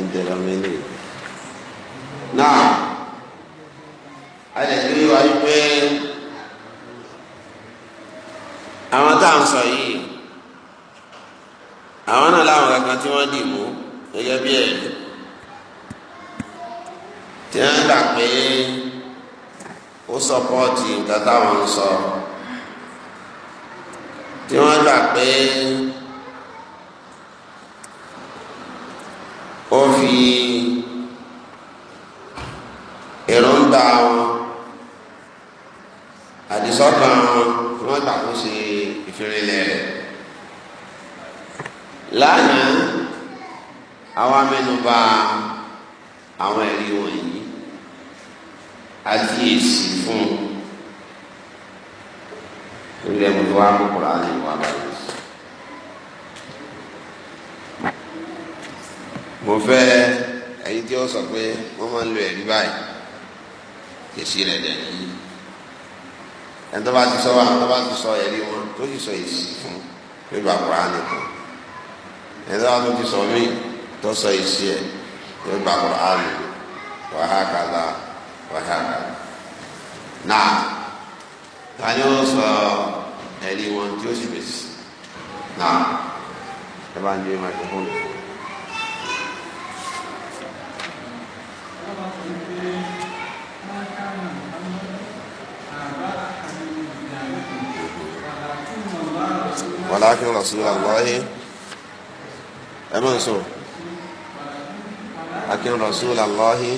ń jẹ lọ́mọ ilé ìwé. náà a lè rí wáyé pé àwọn tá à ń sọ yìí àwọn náà láwọn kankan tí wọ́n dì mú gẹ́gẹ́ bí ẹ̀rí tí wọ́n gbà pé ó sọpọ́ọ̀tì nǹkan táwọn ń sọ tí wọ́n gbà pé. ìyọ̀ǹda wọn àdìsọ́kàn wọn wọ́n gbà kó ṣe ìfirinlẹ̀ rẹ̀ lánàá àwọn amẹnubà àwọn ẹ̀rí wọ̀nyí àti èsì fún ilé ẹ̀mọ́tò wa kókòrò àlè wà báyìí. mo fẹ́ ẹ̀yin tí ó sọ pé wọ́n máa ń lo ẹ̀rí báyìí èsì rẹ̀ dẹ̀ ní. ẹni tó bá ti sọ wa tó bá ti sọ ẹ̀rí wọn tó ti sọ èsì fún pé bàbá nìkan ẹni tó bá tó ti sọ mí tó sọ èsì ẹ̀ pé bàbá àlù wàhákàlà wàhákàlà. náà tani ó sọ ẹ̀rí wọn tí ó sì fèsì náà ẹ bá ń gbé microphone. walakin rasulallahi ẹ máa ń sọ akin rasulallahi.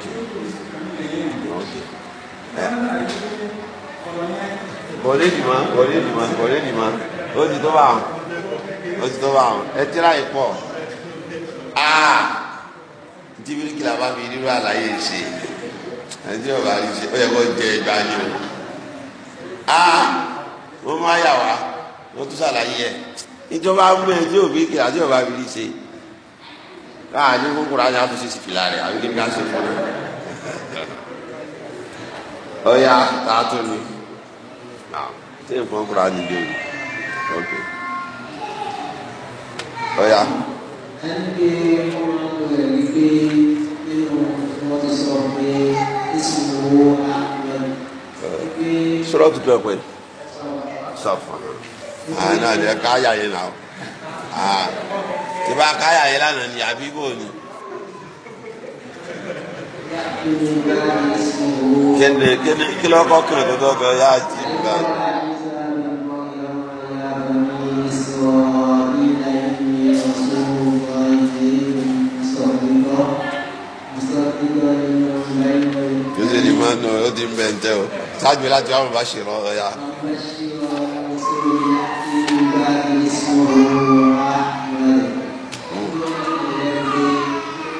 okay okay kọ̀lé dìmọ̀ kọ̀lé dìmọ̀ kọ̀lé dìmọ̀ ó ti tó bá wọn ó ti tó bá wọn ẹ ti ráyè pọ̀ aa jibiri kìlá bá fi irú àlàyé ṣe nàìjíríà bá rí ṣe ó yẹ kó jẹ ìgbà ni o aa ah! wọ́n máa yà wá wọ́n tún ṣàlàyé ẹ̀ ìjọba mú ẹ tí òbí kìlá tí òbá fi rí ṣe káà ah, ní kókó rà ní àtúnṣe sì fìlà rẹ̀ àbí kíkà ṣe fún ya, ọ̀ya tààtú ni Ah, nǹkan kúrò ní ilé òní ok ọ̀ya. ẹni pé mo rẹ̀ ní pé nínú wọn ti sọ̀rọ̀ tuntun ẹ̀ pẹ́ sọ̀fọ̀n àná ẹ̀ ká yẹn náà. Ah ìbá káyà yẹn lánàá ni àbí bò ni. kéde kéde kílọ̀ kọ́ kílọ̀ tó tọ́ bẹ́ẹ̀ yá jí gbà. yóò ṣe ní máa nù ó ti ń bẹ̀ ń tẹ́ o ṣáájú láti wàhùn bá ṣe rán ọ ya.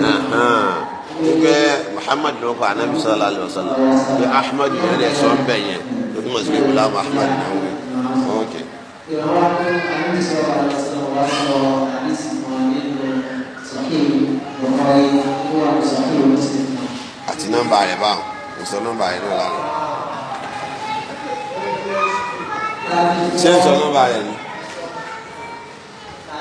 nkɛ muhammad n'o fɔ anabi sallallahu alaihi wa sallam ni ahmadu yɛrɛ de sɔn bɛn yɛ o tuma sigi wula muhammad n'o ye ok. àti nọ́mbà rẹ báwọn kò sọ nọ́mbà rẹ náà lánàá ṣé ń sọ nọ́mbà rẹ ni.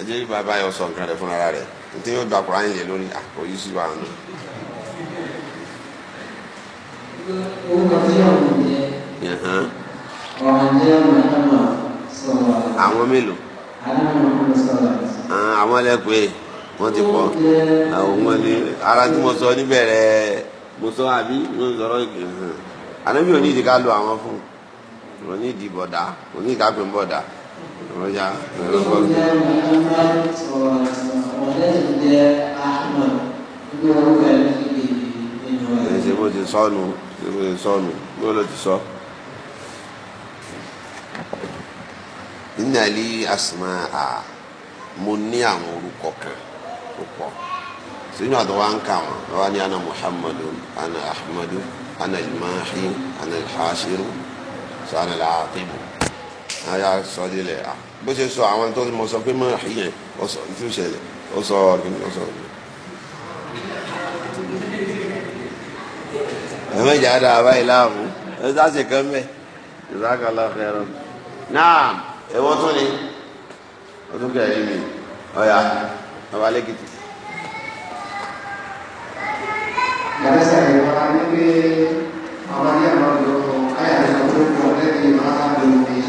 ẹ jẹ́ bí bàbá yọ sọ nǹkan rẹ̀ fúnra rẹ̀ ntí yóò gba kura yín lé lórí àpò yìí sí wa nù. àwọn mélòó àwọn ẹlẹ́pẹ́ wọ́n ti pọ̀ àwọn wọn ni ara tí mo sọ níbẹ̀rẹ̀ mo sọ àbí mo ń sọ̀rọ̀ ànábì òní ìdí ká lo àwọn fún òní ìdí bọ̀dá òní ìdí ká pè ń bọ̀dá lọ́jà lọ́gbọ́n. ó jẹ́ muhammad ọ̀sán ọ̀dẹ́ ti jẹ́ ahmed ní orúkọ ẹni tó gbé nínú ẹ̀. ṣé bó ti sọnù ṣé bó ti sọnù bí ó lọ ti sọ. nínàlí asùnmọ́ a mo ní àwọn orúkọ kan tó pọ̀ sínú àdọ́wà ń kà wọ́n wọ́n ní ana muhammadu ana ahmadu ana ilmahi ana ilhashiru sọ ana làákìbù àyà sọ délẹ̀ à ah, bó ṣe sọ àwọn tó mọ sọ pé mọ àyè ó sọ tí ó ṣẹlẹ̀ ó sọ kìnnì ó sọ. ẹ̀mọ́ ìjà dáa báyìí láàmú ẹ̀ sáṣẹ kan bẹ́ẹ̀ ìsákàlá fẹ́ràn. náà ẹ̀wọ́n tún ni ó tún kẹ̀ ẹ́ mi ọ̀yà ọba lẹ́kìtì. Gracias,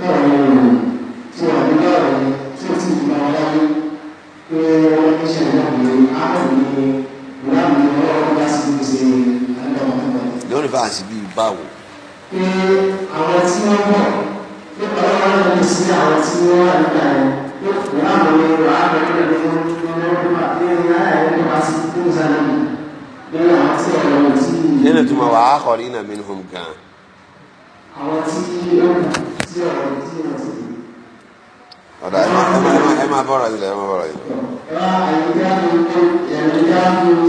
láwọn èèyàn tí wà ní láàrin tí ó sì gba wọn láyé pé wọ́n ní ṣe ìwọ́n pé áàrùn ní ìlànà ọlọ́run bá sì ń ṣe àdáwọn ọmọ lórí fàásì bíi báwo. pé àwọn tí wọ́n bọ̀ nípa ọlọ́run ní sí àwọn tí wọ́n wà nígbà yẹn yóò fún àwọn ẹ̀rọ àgbẹ̀rẹ̀ lọ́wọ́ lọ́wọ́ pé láyà ẹ̀rọ bá sì ń kó sáré nínú àwọn tí ọ̀rọ̀ tí. nínú tí mo wà á kọ́ rí nà mí nìkan gan-an àwọn ọ̀dà ẹ máa bọ̀rọ̀ ilẹ̀ ẹ máa bọ̀rọ̀ ilẹ̀. ẹ àyíká tó ẹ̀ríkà mi ti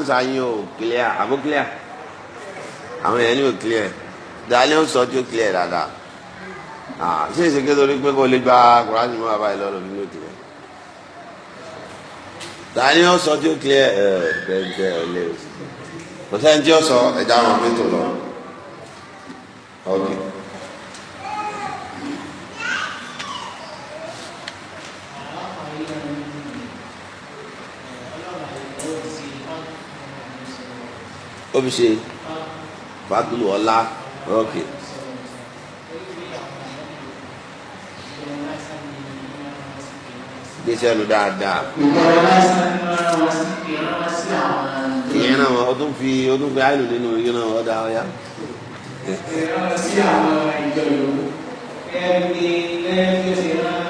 ansa yín ò clear àbó clear àwọn èèyàn ní ò clear dalẹ́ ó sọ tí ó clear dáadáa ṣé èsì ké torí pé kò lè gba kùránì mọ́ bàbá yìí lọ́rùn nínú ìtìlẹ̀ dalẹ́ ó sọ tí ó clear ẹ̀ bẹ́ẹ̀ ẹ̀ lé o kò sẹ́ni tí ó sọ ẹ̀dá wọn pé tó lọ. Okay. ó fi ṣe fàdúlù ọlá ọkè. gbèsè ẹnu dáadáa. ìyẹn náà wọn ọdún fi ọdún fi àìlù nínú ìyẹn náà ọdà ọyá. sí àwọn ìjọ yòówù ẹni lẹ́yìn tó ṣe rán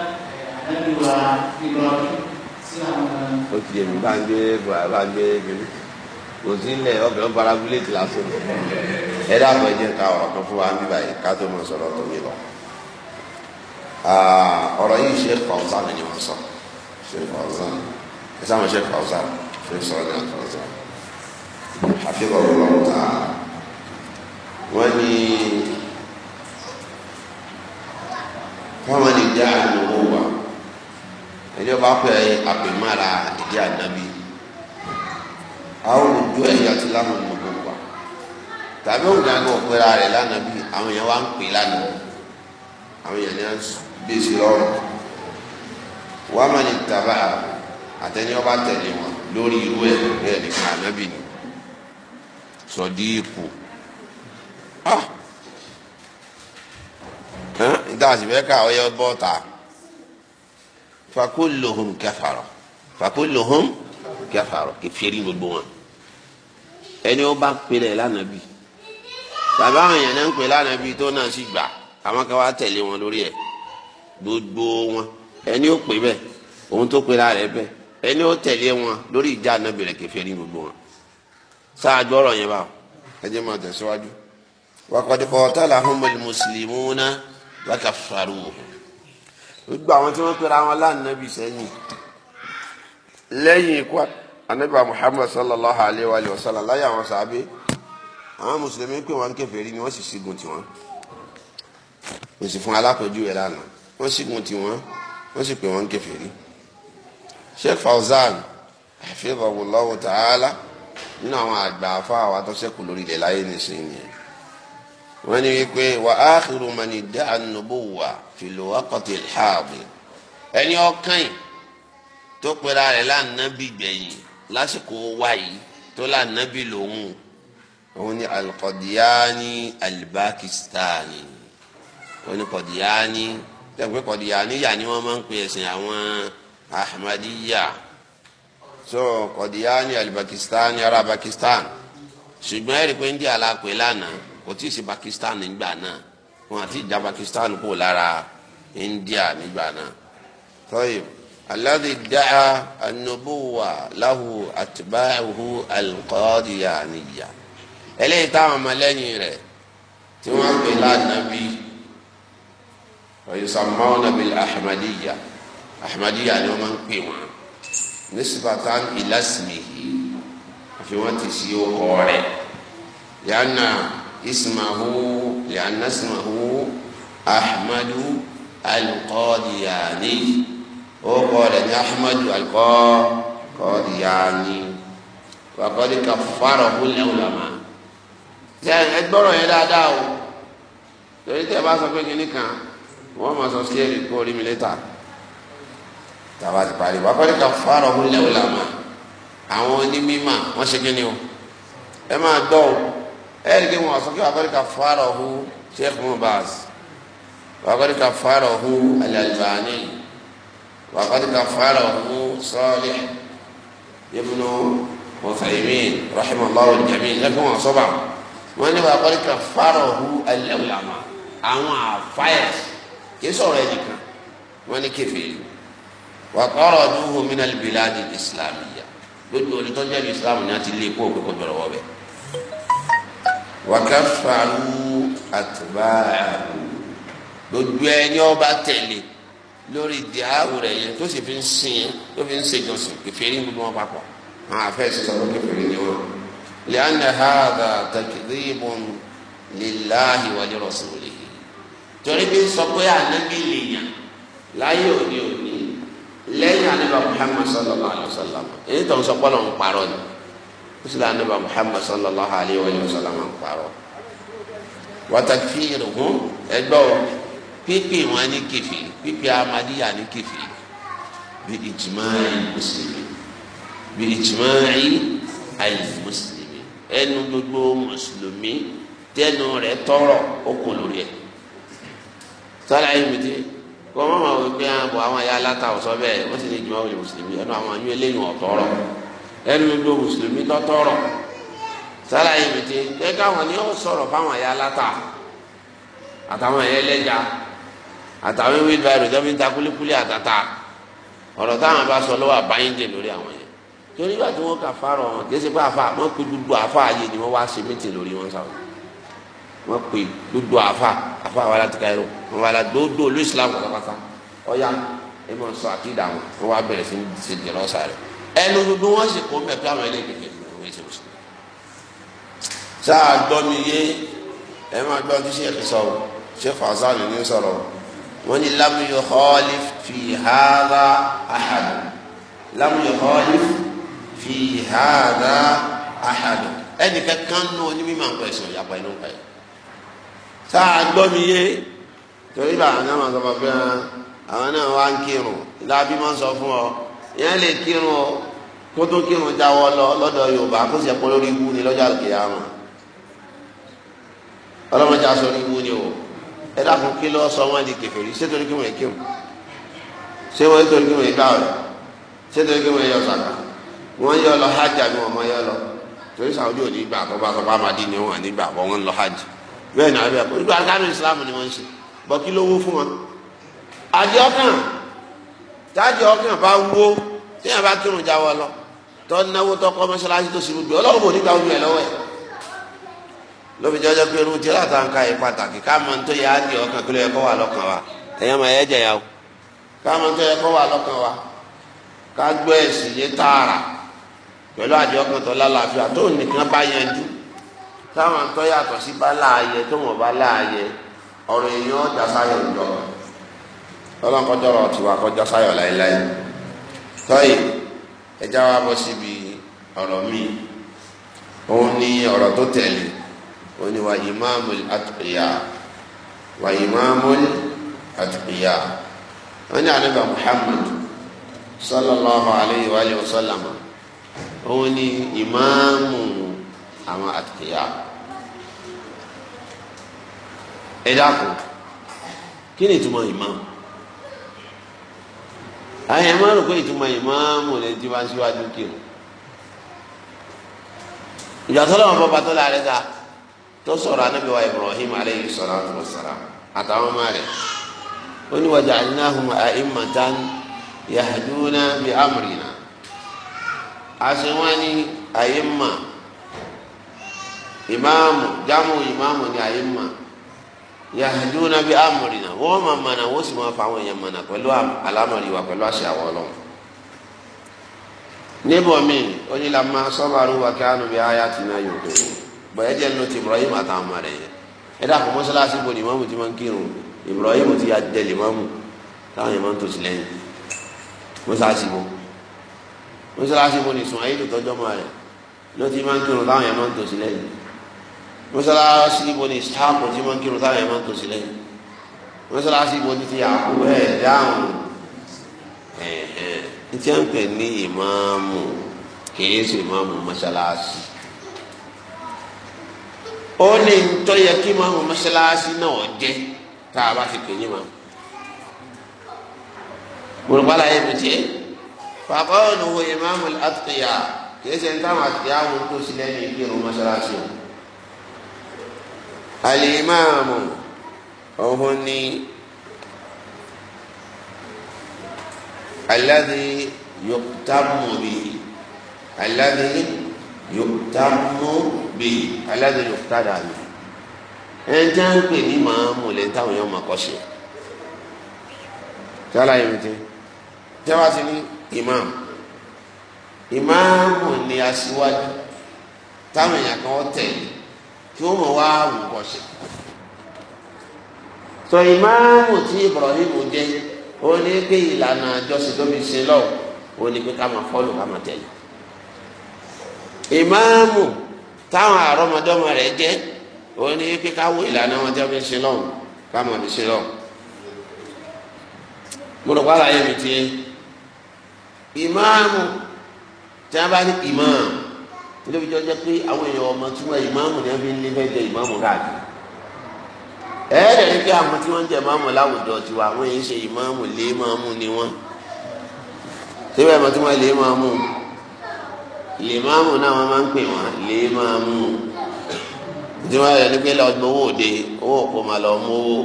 àdúrà mi bá ń gbé bá ń gbé kiri kò sí ilẹ̀ ọbẹ̀ ń bara búlẹ̀tì lásán ẹ dàpọ̀ ẹ jẹ́ ká ọ̀rọ̀ kan fún wa ń bíbá yìí ká tó mọ̀ sọ̀rọ̀ tó mi lọ. ọ̀rọ̀ yìí Sheikh Fawzan ni wọ́n sọ Sheikh Fawzan ẹ sáwọn Sheikh Fawzan Sheikh sọ̀rọ̀ ní Fawzan àfihàn ọ̀rọ̀ ta wọ́n ní fáwọn ìdí àná owó wa ẹjọ́ bá pẹ́ àpèmára ìdí ànábì àwọn olùdó ẹ̀yà ti lánàá ní gbogbo wa tàbí òun gángan òpera rẹ̀ lánàá bí àwọn èèyàn wá ń pè lánàá àwọn èèyàn ní à ń gbé sí lọ́rùn wàá má ní tàbá àtẹni ọba tẹ̀lé wọn lórí irú ẹ̀ bẹ́ẹ̀ nìkan ànábì ni sọdíìkù ah ìdáhùn bẹ́ẹ̀ ká ọyọ bọ́ta fakulluhum kafara fakulluhum. kẹfàrọ kẹfìrí gbogbo wọn ẹni ó bá pèlè lánàbí bàbá àwọn èèyàn náà ń pè tó náà si gbà àwọn kan wá tẹ̀lé wọn lórí ẹ̀ gbogbo wọn ẹni ó pè bẹ́ẹ̀ òun tó pè lára ẹ bẹ́ẹ̀ ẹni wọn lórí ìjà lẹ́yìn ikú anabiwa muhammad sallallahu alayhi wa sallam láyé àwọn sàbí àwọn mùsùlùmí pé wọn kèfèrí ni wọ́n sì sígun tiwọn kò sì fún alápẹ̀jù ẹ̀ lánàá wọ́n sígun tiwọn wọ́n sì pè wọ́n kèfèrí. sheikh fauzan hafidhahullahu ta'ala nínú àwọn àgbà afọ àwọn atọ́sẹ́kù lórí ilẹ̀ láyé nìsín yẹn wọ́n ní wípé wà áàkìrù mani dáa nubuwa fil waqti al-hadir ẹni ọkàn yìí tó pera rẹ̀ lánàbí gbẹ̀yìn lásìkò wáyé tó lánàbí lòun òun ni alqadiyani albakistani òun ni kọdíyani tẹ̀pẹ́ kọdíyani yà ni wọ́n máa ń pè ẹ̀sìn àwọn ahmadiyya so kọdíyani albakistani ará pakistan ṣùgbọ́n ẹ̀rí pé ń di alápè lánàá kò tí ì sí pakistan nígbà náà wọn àti ìjà pakistan kò lára india nígbà náà tọ́yìn. So, الذي ادعى النبوة له أتباعه القاديانية إليه تعمى ملاني ري تمام بلا النبي ويسمون بالأحمدية أحمدية اليوم يعني قيمة نسبة إلى اسمه في وقت سيوه لأن اسمه لأن اسمه أحمد القادياني orúkọ rẹ̀ ní ahmadu alikọ́ kọ́ọ̀dìyàní wàkọ́dí ka fárọ̀ húnlẹ̀ ọ̀làmà tẹ ẹ gbọ́rọ̀ yẹn dáadáa o torí tẹ bá sọ pé kinní kan wọ́n máa sọ sí ẹ̀rí kó orí mi létà tàbá ti parí wàkọ́dí ka fárọ̀ húnlẹ̀ ọ̀làmà àwọn onímọ̀ wọ́n ṣe kinní o ẹ máa gbọ́ o ẹ rí i pé wọ́n sọ pé wàkọ́dí ka fárọ̀ hú sheikh mubaz wàkọ́dí ka fárọ̀ hú al-Albani. وقد كفره صالح ابن عثيمين رحمه الله الجميع لكم صبع wọ́n ní wàá kọ́lé kan fárọ̀hù alẹ́wùlámà àwọn àfáyà kìí sọ̀rọ̀ ẹnìkan wọ́n ní kẹfìrí wàá kọ́rọ̀ dúró minal biladi islamiyya lójú olùtọ́jú ẹ̀mí islam ni a ti lé kó o kókó jọ̀rọ̀ wọ́bẹ̀. wàá kẹfàrú àtúbà lójú ẹni ọba tẹ̀lé lórí ìdíhàwù rẹ̀ yẹn tó sì fi ń sìn yẹn tó fi ń ṣèjọsìn kèfèrí ń gbogbo wọn papọ̀ àwọn afẹ́sí sọ̀rọ̀ kèfèrí ni wọn. li'anna hadha takdhibun lillahi wa li rasulihi torí bí sọ pé ànábì lèèyàn láyé òní òní lẹ́yìn ànábà Muhammad sallallahu alayhi wa sallam èyí tó ń sọ pọ́nà ń parọ́ ni ó ànábà Muhammad sallallahu alayhi wa sallam ń parọ́ wa takfiruhum ẹgbẹ́ òní pépè wọn ní kèfèrí pépè amadiya ní kèfèrí bí ìjìmáì mùsùlùmí bí ìjìmáì àìmùsùlùmí ẹnu gbogbo mùsùlùmí tẹnu rẹ̀ tọrọ okùn lórí ẹ sọlá yìí mi dé kọ́ mọ́ mọ́ wípé àbọ̀ àwọn ayé aláta ọ̀sọ́ bẹ́ẹ̀ wọ́n sì ní ìjùmọ̀ wọlé mùsùlùmí ẹnu àwọn ayé eléyìn ọ̀tọ̀ọ̀rọ̀ ẹnu gbogbo mùsùlùmí lọ́tọ̀ọ̀rọ̀ sálàyé mi ti ẹ káwọn ni aláta àtàwọn ayé ẹlẹ́ja àtàwọn wíìlì báyìí rẹ̀ jẹ́bi ń ta kúlíkúlí àtàtà ọ̀rọ̀ táwọn bá sọ lọ́wọ́ àbáyédè lórí àwọn yẹn torí wà tí wọ́n kà fárọ̀ wọn kì í ṣe pé àfa wọ́n pe gbogbo àfa ayé ni wọ́n wá ṣe mítì lórí wọn sáwọn wọ́n pe gbogbo àfa àfa wà láti Cairo wọ́n wà láti gbogbo olú Islam pátápátá ọ̀ya ẹ mọ̀ sọ àkídà wọn wọ́n wá bẹ̀rẹ̀ sí ṣe jẹ̀rọ sáré ẹnu gbogbo wọn sì kó mẹ́ pé àwọn ẹlẹ́gbẹ̀ẹ́ sáà gbọ́ mi yé ẹ máa gbọ́ kí ṣe é sọ̀rọ̀ ṣe fàásà lè ní sọ̀rọ̀ wọ́n ní lámúyọ họ́ọ́lì fi hàrá àhàdù lámúyọ họ́ọ́lì fi hàrá àhàdù ẹnì kankan nù ọ ní mímọ̀ nǹkan ẹ̀sìn ìyàpọ̀ ẹnu pa ẹ̀ tá a gbọ́ mi yé torí bá àwọn náà sọ fún ọ àwọn náà wá ń kírun lábí máa ń fún ọ ìyẹn lè kírun ọ kírun jáwọ́ lọ lọ́dọ̀ Yorùbá kó sì ẹ̀ lórí ikú ni lọ́jọ́ àgbéyàwó ọlọ́mọdé aṣọ orí ikú ni o ẹ dákun kí lọ sọ wọn di kèfèrí ṣé torí kí wọn kí wọn ṣé wọn torí kí wọn gbà wọn ṣé torí kí wọn yọ sàkà wọn yọ lọ hajj àbí wọn mọ yọ lọ torí sàwùjọ ní ìgbà àkọ́kọ́ àkọ́kọ́ amadi ni wọn nígbà àkọ́kọ́ wọn lọ hajj bẹ́ẹ̀ náà bẹ́ẹ̀ kó ìgbà kánú ìsìlámù ni wọ́n ń ṣe bọ́ kí ló wó fún wọn. àjẹ ọkàn tájẹ ọkàn bá wó téèyàn bá kírun jáwọ lọ tọ́ náwó tọkọ mọ́ṣáláṣí lóbi jọjọ pé irú tíra tá à ń ka yìí pàtàkì ká mọ̀ tó á di ọkàn kí ló wà lọ́kàn wa ẹ̀yàn máa yẹ jẹ̀yà o ká mọ̀ tó yẹ kó wà lọ́kàn wa ká gbọ́ ẹ̀sìn yé tààrà pẹ̀lú àjọ ọkàn tó lálàáfíà tó nìkan bá yanjú táwọn tó yàtọ̀ sí bá láàyè tó wọ́n bá láàyè ọ̀rọ̀ èèyàn ọjà sáyọ̀ ìjọ ọlọ́nkọjọ́rọ̀ tiwa kọjá sáyọ̀ láéláé tọ́yì ẹja wa bọ́ síbi ọ̀rọ̀ míì òun ni ọ̀rọ̀ tó tẹ̀lé oni wa imamul atqiya wa imamul atqiya oni anaba muhammad sallallahu alayhi wa alihi wa sallam oni imamu àwọn atqiya ẹ dákun kí ni ìtumọ̀ ìmáàmù àyẹ̀ máa rò pé ìtumọ̀ ìmáàmù lè ti wá síwájú kí o ìjà tó bọ́ bá tó láàrẹ́ dáa tó sọ̀rọ̀ anábì wa ibrahim aleyhi salatu wa salam àtàwọn ọmọ rẹ̀ ó ní wa ja'alnahum a'immatan yahduna bi amrina àṣewọ́ni àyèmà ìmáàmù jámù ìmáàmù ni àyèmà yahduna bi amrina wọ́n máa mọ̀nà wọ́n sì máa fa àwọn èèyàn mọ̀nà pẹ̀lú àlámọ̀rí pẹ̀lú àṣẹ àwọn níbọ̀ mi ó ní lamma sabaru wa kanu bi ayatina yuqinun bọ̀yẹ́ díẹ̀ nínú ti Ibrahim àtàwọn ọmọ rẹ̀ yẹn ẹ dàpọ̀ mọ́sálásí bo ni ìmáàmù ti máa ń kírun Ibrahim ti ya dẹ̀lẹ̀ ìmáàmù táwọn yẹn máa ń tò sí lẹ́yìn mọ́sálásí bo mọ́sálásí bo ni sùn ayé tòtọ́jọ́ mọ́ rẹ̀ ló ti máa ń kírun táwọn yẹn máa ń tò sí lẹ́yìn mọ́sálásí bo ni Ishaq ti máa ń kírun táwọn yẹn máa ń tò sí lẹ́yìn mọ́sálásí ni ti yàkú ẹ̀ dáhùn ẹ̀ ẹ̀ ní tí wọ́n pè ní kì í ṣe ìmáàmù mọ́sálásí ó ní ntọ́ yẹ kí máa mọ mọ́ṣáláṣí náà jẹ́ tá a bá ti pè é yín máa. gbòrògbàlà yẹn mi tiẹ̀ bàbá ọ̀nà wo ìmáàmù àtúnyà kìí tó sílẹ̀ ní ìlú ìrún mọ́ṣáláṣí o. àlìmáàmù ọ̀hún ni aládé yóò tá mú mi aládé bíi aládùn òkútàdà mi ẹnjẹ ń pè ní màá mọlẹ táwọn yóò máa kọsẹ jálá yẹn ti jẹba ti ní imam imaamu ni aṣíwájú táwọn èèyàn kan tẹ̀lé kí wọn mọ wá wù kọsẹ tọ imaamu tí Ibrahim jẹ ó ní pé ìlànà àjọsìn tó fi ṣe lọ ó ní pé ká máa fọlù ká máa tẹ̀lé imaamu táwọn àrọ́mọdọ́mọ rẹ̀ jẹ́ òun ni pé ká wo ìlànà wọn jẹ́ fi ṣe lọ́hùn ká mọ̀ fi ṣe lọ́hùn. mo rò wàhálà yẹn mi ti ìmáàmù tí wọ́n bá ní ìmáàmù ilé ìjọ jẹ́ pé àwọn èèyàn ọmọ tí wọ́n ìmáàmù ni wọ́n fi ń lé fẹ́ jẹ ìmáàmù káàkiri. ẹ̀ẹ́dẹ̀ ni pé àwọn tí wọ́n ń jẹ ìmáàmù láwùjọ tiwa àwọn èèyàn ṣe ìmáàmù lé máàmù ni wọ́n. síbẹ̀ mọ̀ tí wọ́n lé máàmù lèmáàmù náà wọ́n máa ń pè wọ́n lèmáàmù tí wọ́n yẹ ní pé lọ gbọ́ owó òde owó òkú máa lọ mú owó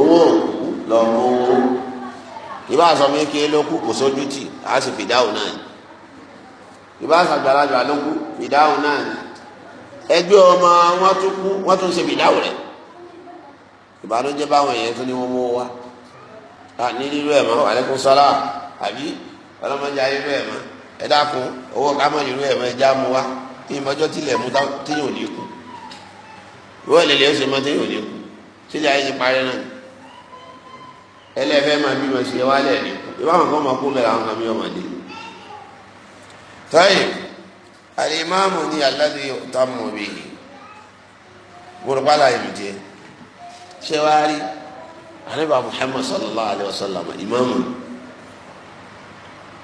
owó òkú lọ mú owó ìbá sọ mi kí ló kò sójú tì á sì fìdáhùn náà ni ìbá sàgbàlagbà ló fìdáhùn náà ni ẹgbẹ́ ọmọ wọn tún kú wọ́n tún ṣe fìdáhùn rẹ̀ ìbànújẹ́ báwọn èèyàn tún ní wọ́n mú wá ní lílo ẹ̀ mọ́ alẹ́kùn sọ́lá àbí ọlọ́mọdé ayé bẹ́ẹ̀ mọ́ ẹ dákun owó kámọ́ ìlú ẹ̀ mọ́ ẹja mu wá ní ìmọ̀jọ́ tilẹ̀ mú téèyàn ò ní kú ìwọ ìlẹ̀lẹ̀ ó ṣe mọ́ téèyàn ò ní kú tílẹ̀ ayé ti parí náà ẹlẹ́fẹ́ máa bí mọ̀ sí wálẹ̀ ní kú ìwọ àwọn kan máa kú lẹ́la àwọn kan mi ọmọdé. tọ́yì alimami ni aládé tá a mọ̀ ìlú jẹ ṣé wàá rí àníbà Muhammad sallallahu alayhi wa sallam ìmáàmù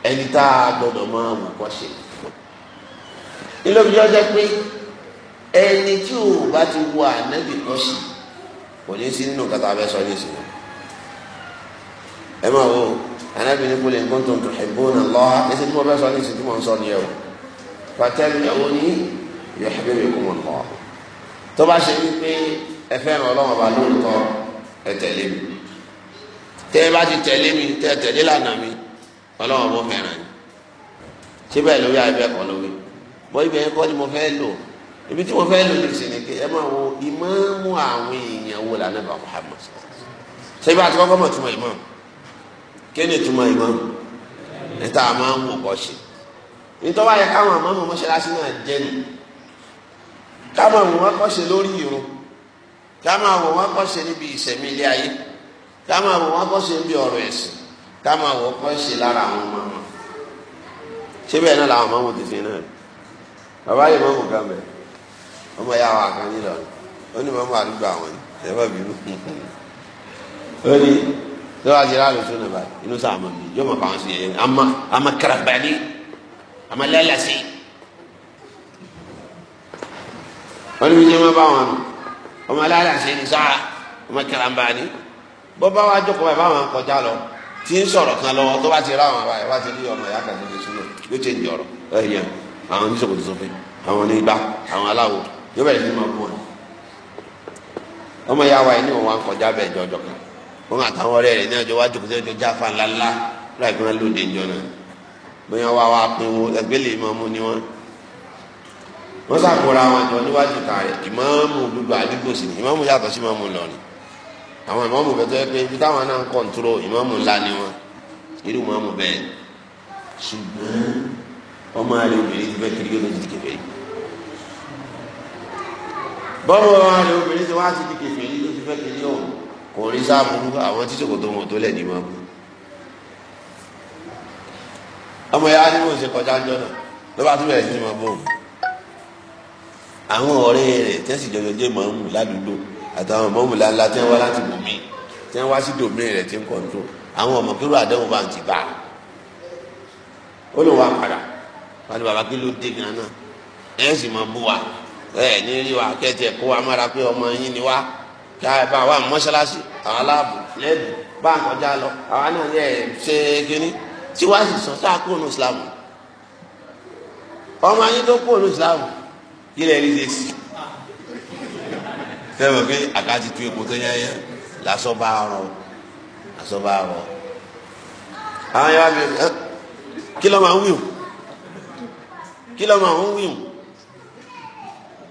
ẹni tá a gbọdọ̀ máa wò kọ́ ṣe. nílòmíjọ́ jẹ́ pé ẹni tí ò bá ti wọ ànábì kọ́ sí kò ní sí nínú kàtà abẹ́ sọ ní ìsìn ẹ máa wo ànábì ní kúlẹ̀ nǹkan tó ń tún ẹ̀gbọ́n náà lọ́wọ́ ẹsẹ̀ tí mo fẹ́ sọ ní ìsìn tí mo ń sọ nìyẹn o pàtẹ́lú ìyàwó ní ìyàwó ìkùn mọ̀ lọ́wọ́ tó bá ṣe wípé ẹ fẹ́ràn ọlọ́wọ́ bá lóòótọ́ ẹ tẹ̀lé mi tẹ́ bá ti tẹ̀lé mi ọlọ́wọ́ bó fẹ́ràn yín síbẹ̀ lórí abẹ́ kan lórí bọ́ ibẹ̀ yẹn kọ́ ni mo fẹ́ lò ibi tí mo fẹ́ lò lùsì ni kí ẹ máa wo ìmáàmù àwọn èèyàn wo lànà bá Muhammad ṣebí àti kọ́kọ́ mọ̀ túmọ̀ ìmáàmù kí ni túmọ̀ ìmáàmù níta máa ń wò kọ́ ṣe nítorí wáyé káwọn àmọ́mọ́ mọ́ṣáláṣí náà jẹ́ ni káwọn àwọn wọn kọ́ lórí ìrun káwọn àwọn wọn kọ́ níbi ìṣẹ̀mí ayé káwọn àwọn wọn kọ́ níbi ọ̀rọ̀ ẹ̀sìn ká máa wọ ọkọ ṣe lára àwọn ọmọ wọn ṣé bẹ́ẹ̀ náà làwọn ọmọ wọn ti fi náà bàbá yìí mọ́mù kan bẹ̀ ọmọ ìyá wa kan nílò ó ní mọ́mù àdúgbò àwọn ni ẹ bá bínú ó ní lọ́wọ́ àti ìlànà tó nà báyìí inú sáà mọ̀ mi yóò mọ̀ fáwọn sí yẹn àmà àmà karabali àmà lẹ́lẹ́sì wọ́n ní bí jẹ́ bá wọn nù ọmọ lẹ́lẹ́sì ni sáà ọmọ karabali bọ́ bá wa jókòó báyìí báwọn kọjá lọ tí ń sọ̀rọ̀ kan lọ́wọ́ tó bá ti rá àwọn àbáyọ̀ bá ti rí ọmọ ìyá kan tó ti súnmọ́ yóò ṣe ìdí ọ̀rọ̀ ẹ̀yàn àwọn oníṣòwò tó sọfẹ́ àwọn onígbà àwọn aláwo yóò bẹ̀rẹ̀ sí máa bú wọn. ọmọ ìyá wa yìí ni òun wá ń kọjá bẹ́ẹ̀ jọjọ kan wọn àtàwọn ọ̀rẹ́ rẹ̀ ní ọjọ́ wájú kò sẹ́jọ́ jáfa ńláńlá láì fi wọn lóde ìjọ náà bóyá wá wá pinwo ẹgbẹ́ lè máa mú ni wọn. wọ́n sàkóra wọn jọ níwájú kan rẹ̀ ìmáàmù gbogbo àdúgbò sí ni ìmáàmù yàtọ̀ sí ìmáàmù Ìlọrin àwọn ìmọ̀ọ́mù bẹ́ẹ̀ tó yẹ pé ibi táwọn náà ń kọ̀ǹtúrò ìmọ̀ọ́mù ńlá ni wọn irú ìmọ̀ọ́mù bẹ́ẹ̀ ṣùgbọ́n ọmọ àlè obìnrin ti fẹ́ kiri yóò lọ sí kẹfẹ́ yìí bọ́mọ àlè obìnrin ti wá sí kẹfẹ́ yìí ló ti fẹ́ kiri yóò kò rí sáàbùrú àwọn tí sòkòtò wọn tó lẹ̀ ní wọn. ọmọ ya ni wọn ṣe kọjá ńjọ náà ló bá tún sí ní wọn bọ̀ àwọn ọ̀rẹ́ rẹ̀ tẹ́sí jọjọ àtàwọn ọmọọmọ làǹlà tí wọ́n wá láti bù mí tí wọ́n wá sí domi rẹ̀ tí ń kọ́ńtò àwọn ọmọ pẹ̀lú àdéhùn bá ń ti bá ó lè wá padà wọ́n ní bàbá kí ló dé gan náà ẹ̀ sì máa bú wa ẹ̀ ní rí wa kẹ́tì ẹ̀kọ́ wa mára pé ọmọ yín ni wá kí a bá wa mọ́ṣáláṣí àwọn aláàbò lẹ́dù bá ń kọjá lọ àwọn náà ní ẹ̀ ṣe kínní tí wàá sì sọ sáà kúrò ní Islam ọmọ yín tó kúrò ní Islam kí lè rí ṣe sí i tẹ́lẹ̀ pé àkáàtì tu epo tó yẹ́yẹ́ lásán bá rọ lásán bá rọ. àwọn yàrá mi kí ló máa ń wíwù kí ló máa ń wíwù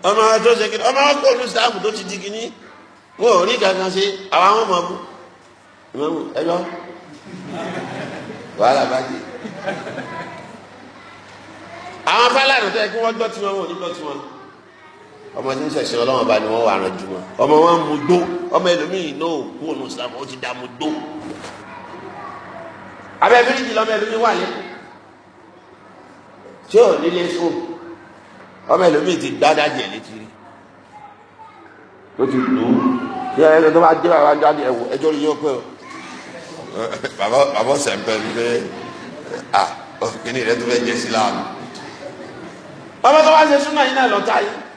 ọmọ tó ṣe kí ọmọ kó olú sáàpù tó ti di kíní wọn ò rí kankan ṣe àwọn àwọn ọmọ bú ẹjọ́ wàhálà bá dé àwọn fáláàdì tó yẹ kí wọ́n gbọ́ tiwọn wọn ò ní gbọ́ tiwọn ọmọ tí ń ṣẹ̀ṣẹ̀ ọlọ́wọ́n bá ní wọ́n wà rán jù wọn ọmọ wọn mú gbó ọmọ ẹlòmíì náà kú ònú ìsìlámù ó ti dá mú gbó. abẹ́ bíríjì lọ́mọ ẹlòmíì wà lẹ́kọ̀ọ́ tí ò nílé fún ọmọ ẹlòmíì ti dáadáa jẹ létí rí ó ti lù ú bí ẹ tó bá dé bàbá jáde ẹwọ ẹjọ́ rí yọ pé o bàbá bàbá sẹ̀ǹpẹ̀ ń pé ah kíni rẹ tó fẹ́ jẹ sí láàmú. bàbá tó wá ṣe súnmọ́ yín náà lọ́ta yìí.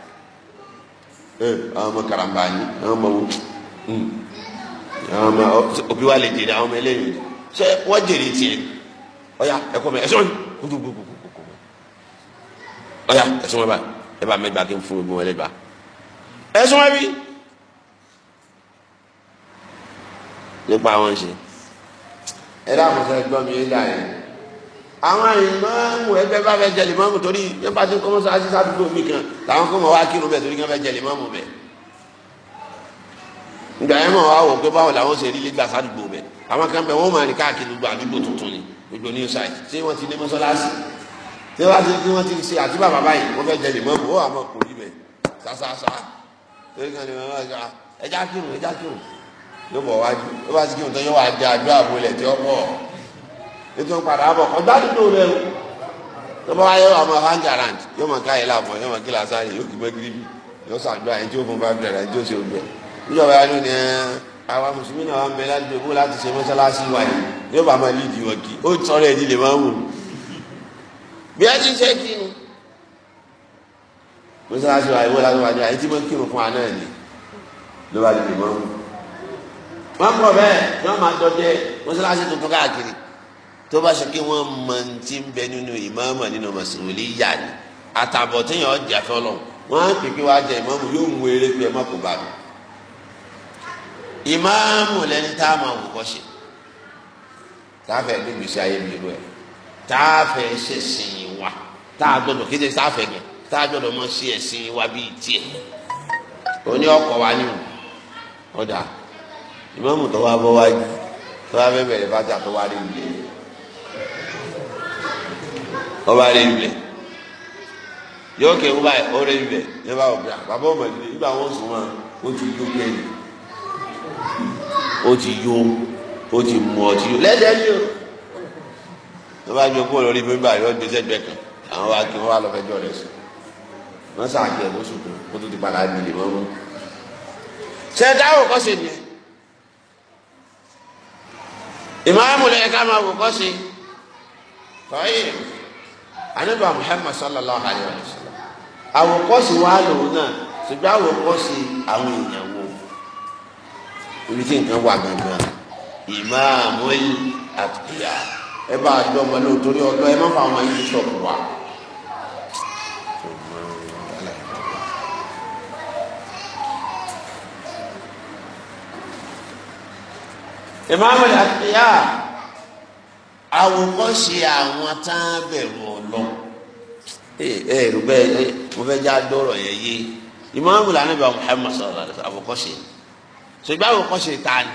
Eh, àwọn ọmọ karamba yìí àwọn ọmọ wọn hmm. àwọn ọmọ òbí wa lè jèrè àwọn ọmọ eléyìí ṣé wọn jèrè tiẹ̀ ọyà ẹkọ mẹ ẹsọ yìí kúkúkúkú ọyà ẹsọ mẹ bá ẹ bá mẹgbàá kí n fún gbogbo wọn lẹgbàá ẹsọ mẹ bí nípa àwọn ṣe ẹ dáàbò sẹ gbọ́ mi yé dáa yẹn àwọn ìmọ̀ọ́mù ẹgbẹ́ bá fẹ́ jẹlẹ̀ mọ́mù torí yẹn bá ti kọ́mọ́sọ àti sádùúgbò mi kan làwọn kọ́mọ wá kírun bẹ̀ torí yẹn fẹ́ jẹlẹ̀ mọ́mù bẹ̀. ìgbà yẹn mọ̀ wá wò pé báwo làwọn ṣe rí lé gbà sádùúgbò bẹ̀ àwọn kan bẹ̀ wọ́n máa rìn káàkiri gbogbo àdúgbò tuntun ni gbogbo ní ọ̀sà yìí ṣé wọ́n ti lé mọ́sálásì ṣé wọ́n ti kí wọ́n ti ṣe àti bàbá báyìí wọ́n fẹ́ jẹlẹ̀ mọ́mù ó àmọ́ kò rí bẹ̀ sásásá ah, ẹja kírun ẹja kírun yóò bọ̀ wájú ó ètò padà bọ̀ ọgbà dúdú rẹ o tọ́ba wa yẹ wà máa hang around yóò máa ká yẹ láàbọ̀ yóò máa kílà sáré yóò kí mẹ́gírí bí yóò sàdúrà ẹni tí ó fún five hundred ẹni tí ó ṣe ojú ẹ níjọba yà ló ní ẹ àwa mùsùlùmí náà wà ń bẹ láti gbogbo láti ṣe mọ́sálásí wa yìí yóò bá máa lídìí wọn kí ó sọ̀rọ̀ ẹni lè máa wù ú bí ẹni ṣe kí ni mọ́sálásí wa ìwé láti wájú àyè tí mo kírun fún wa náà ni ló bá lè máa wù ú. wọ́n pọ̀ bẹ́ẹ̀ tó bá ṣe kí wọ́n mọ ti ń bẹ nínú ìmáàmà nínú màsùlùmí yá ni àtàbọ̀ téèyàn ọjà fọlọ́ wọn á pè pé wàá jẹ ìmáàmù yóò mú eré pé ẹ má kó bá mi ìmáàmù lẹni tá a máa wò kọ́ ṣe tá a fẹ́ gbégbé sí ayé mi irú ẹ̀ tá a fẹ́ ṣe sìn wa tá a gbọdọ̀ kéde tá a gẹ̀ tá a gbọdọ̀ mọ sí ẹ̀sìn wa bíi tiẹ̀ oní ọkọ̀ wa ni ọ̀dà ìmáàmù tó wá bọ́ wájú tó wá fẹ́ bẹ̀rẹ̀ bá jà tó wá rí ilé ọba rẹ ibẹ yóò kẹ wọ́n báyìí ọ̀rẹ́ ibẹ yóò bá ọ̀bẹ bàbá ọmọ ìdílé ibà wọn sùn wọn o ti yó bẹ́ẹ̀ ó ti yó ó ti mú ọ ti yó lẹ́dẹ̀ ni o wọ́n bá gbé kó lórí mẹ́mbà yóò gbé sẹ́gbẹ́ kan àwọn wa kí wọ́n wá lọ fẹ́ jọ rẹ sùn wọ́n sàkí ẹ̀ lóṣù kan kó tó ti padà nílé wọn mú sẹ́dá ò kọ́ sí ni ìmáàmù lẹ́yìn ká máa wò kọ́ sí tọ́yìn anábà muhammad sallallahu alayhi wa sallam àwòkọ́sí wa lòun náà ṣùgbọ́n àwòkọ́sí àwọn èèyàn wo ibi tí nǹkan wà gangan ìmáàmù àtìyà ẹ bá àjọ ọmọ náà torí ọdọ ẹ má fa àwọn yìí ṣọ̀pù wa. ìmáàmù àtìyà àwòkọ́sí àwọn tá a bẹ̀rù ọ ee eh, ee eh, rúbẹ́ ee mo fẹ́ já dọ́rọ̀ yẹn yé ìmọ̀ràn wùlà níbi àwọn Muhammad sallallahu alaihi wasallam àwòkọ́ṣe ṣùgbọ́n àwòkọ́ṣe ta ni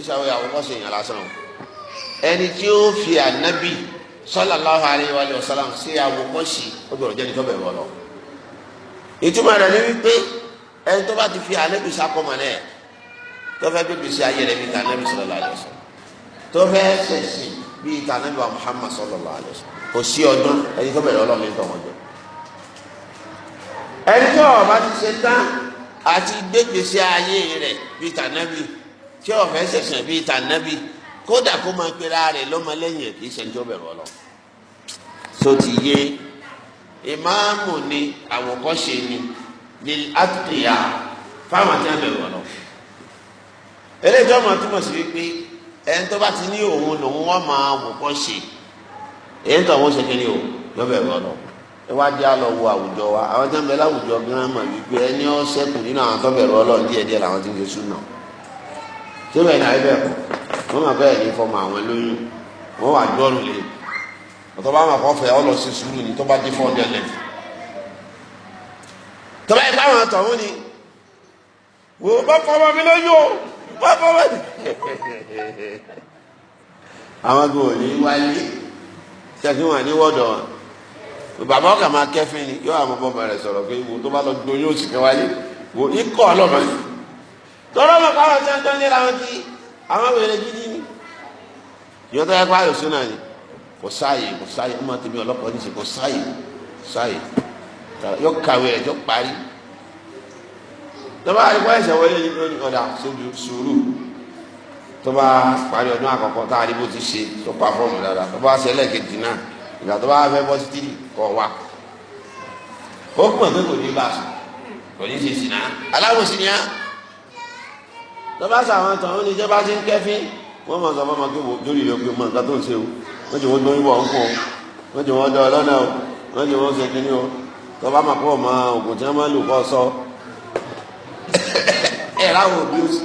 ìṣàwọ̀ àwòkọ́ṣe yẹn lásán o ẹni tí ó fi ànábì sallallahu alaihi wa sallam sí àwòkọ́ṣe ó gbọ́dọ̀ jẹ́ni tó bẹ̀rù ọ̀lọ́ ìtumọ̀ rẹ̀ ni wípé ẹni tó bá ti fi ànábì sakọ́mọ náà tó fẹ́ gbé gbèsè ayé rẹ̀ bí sallallahu alaihi wasallam tó fẹ́ ṣẹ̀ṣì bí tànábì wa Muhammad sallallahu alaihi wasallam kò sí ọdún ẹni tó bẹ̀rẹ̀ ọlọ́run ní tọmọ jọ ẹni tó ọba ti ṣe tán àti gbégbèsè ayé rẹ̀ bíi tànábì tí ọ̀fẹ́ ṣẹ̀ṣẹ̀ bíi tànábì kódà kó máa pe ra rẹ̀ lọ́mọlẹ́yìn ẹ̀ kì í ṣe ní tó bẹ̀rẹ̀ ọlọ́run tó ti yé ìmáàmù ni àwòkọ́ṣe ni ní àtúnyà fáwọn àti àbẹ̀wò ọlọ́run eléyìí tó máa túmọ̀ sí wípé ẹni tó bá ti ní òun lòun wọ́n máa àwòkọ́ṣe. èyí tó àwọn ṣèkìrì o yọ bẹ̀ rọ lọ wo àwùjọ wa àwọn tó ń bẹ láwùjọ gan wípé ọ́ sẹ́kù nínú àwọn làwọn ti ń ni àyè bẹ́ẹ̀ kọ́ wọ́n mọ̀ bẹ́ẹ̀ ní fọmọ àwọn lóyún wọ́n wà gbọ́rù lé ọ̀tọ́ bá wọn kọ́ fẹ́ sí sùúrù ni tó bá ni wò ó bá fọmọ ṣẹ́kí wọn ní wọ́dọ̀ bàbá ọkà máa kẹ́fín ni yóò àwọn bọ́ọ̀mù rẹ̀ sọ̀rọ̀ pé wo tó bá lọ gbóyún oṣù kẹwàá wo ikọ̀ ọlọ́mọ ni tọ́lọ́ mọ̀ pàrọ̀ tí wọ́n tó ń lé làwọn ti àwọn wèrè gidi ni yóò tó yẹ kó ayọ̀ sínú àyè kò sáàyè kò sáàyè ọmọ tèmi ọlọ́kọ̀ ní ṣe kò sáàyè sáàyè yóò kàwé rẹ̀ yóò parí tọ́ba àyíkọ́ ẹ̀sẹ̀ wọlé ní ọ̀dà sóòrù tó bá parí ọdún àkọ́kọ́ tá a rí bó ti ṣe tó pàfọ́ọ̀mù dáadáa tó bá ṣe ẹlẹ́ẹ̀kejì náà ìgbà tó bá fẹ́ bọ́ títí kọ̀ wá. ó pọ̀ pé kò ní bá a sùn kò ní ṣe sìnà aláwòsí ni á. tó bá sọ àwọn tàn án ní ìjọba ti ń kẹ́fín wọ́n mọ̀ sọ fọ́mọ kí wò lórí rẹ̀ pé mọ̀ nǹkan tó ń ṣe o wọ́n jẹ́ wọ́n lóyún wọ̀ ń kọ́ wọ́n jẹ́ wọ́n dán ọlọ́nà o wọ́n jẹ́ wọ́n ṣe kínní o tó bá mọ̀ pọ̀ mọ́ ògùn tí wọ́n máa ń lò kọ́ sọ. ẹ̀ láwọn òbí ó sì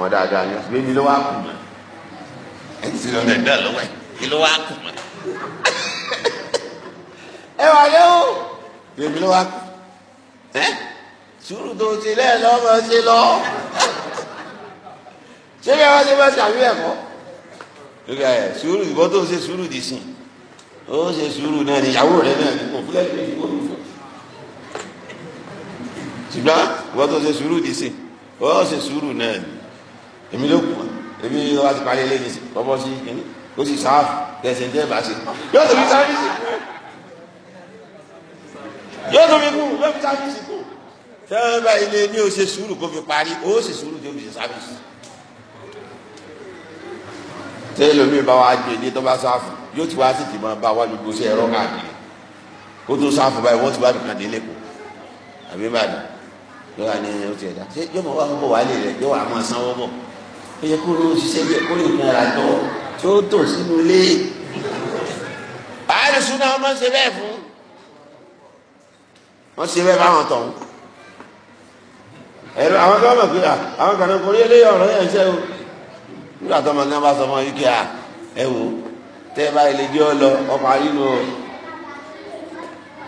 wọn dáadáa ní oṣù méjì ló wá kù mọ́ ẹni tí lọ́nà ẹ̀dá lọ́wọ́ ẹ̀ ló wá kù mọ́ ẹ wà lé o èmi ló wá kù ẹ sùúrù tó ti lẹ́ẹ̀ lọ́mọ ṣe lọ ṣé bí wọ́n ṣe máa ṣàwí ẹ̀kọ́ lórí ayẹ sùúrù ìbọn tó ṣe sùúrù dì sí ó ṣe sùúrù náà ní ìyàwó rẹ náà kò fúlẹ̀ ní ìwọ ṣùgbọ́n ìbọn tó ṣe sùúrù dì sí ó ṣe sùúrù náà ní èmi ló kù èmi ló wá ti parí ilé yìí bọ́bọ́ sí kìíní ó sì sáàfù kẹsì ń dẹ́gbà sí yóò tó fi sáàfìsì kù yóò tó fi kù yóò fi sáàfìsì kù fẹ́ẹ́ bá ilé ní o ṣe sùúrù kó fi parí o ṣe sùúrù tó fi ṣe sáàfìsì tẹ́lẹ̀ lómi bá wa gbé ní tó bá sáàfù yóò ti wá sí ti máa bá wa gbogbo sí ẹ̀rọ káàkiri ó tó sáàfù báyìí wọ́n ti wá dùkàdé lẹ́kọ̀ọ́ àbí bàdàn yóò wá ní o ti ẹ̀dá ṣé yóò mọ̀ wá fún wálé rẹ̀ yóò wá máa sanwó bọ̀ ó yẹ kó ló ń ṣiṣẹ́ bí ẹ̀kọ́ nìkan ara jọ tí ó tò sínú ilé. báyìí sùn náà wọ́n ṣe bẹ́ẹ̀ fún wọ́n ṣe bẹ́ẹ̀ báwọn tọ̀ ẹ̀rọ àwọn kan mọ̀ pé àwọn kan náà kò rí eléyìí ọ̀rọ̀ yẹn ṣe o nígbà tó ọmọ náà bá sọ fún uk ẹ wò tẹ́ ẹ bá ilé jẹ́ ọ lọ ọmọ àrínú o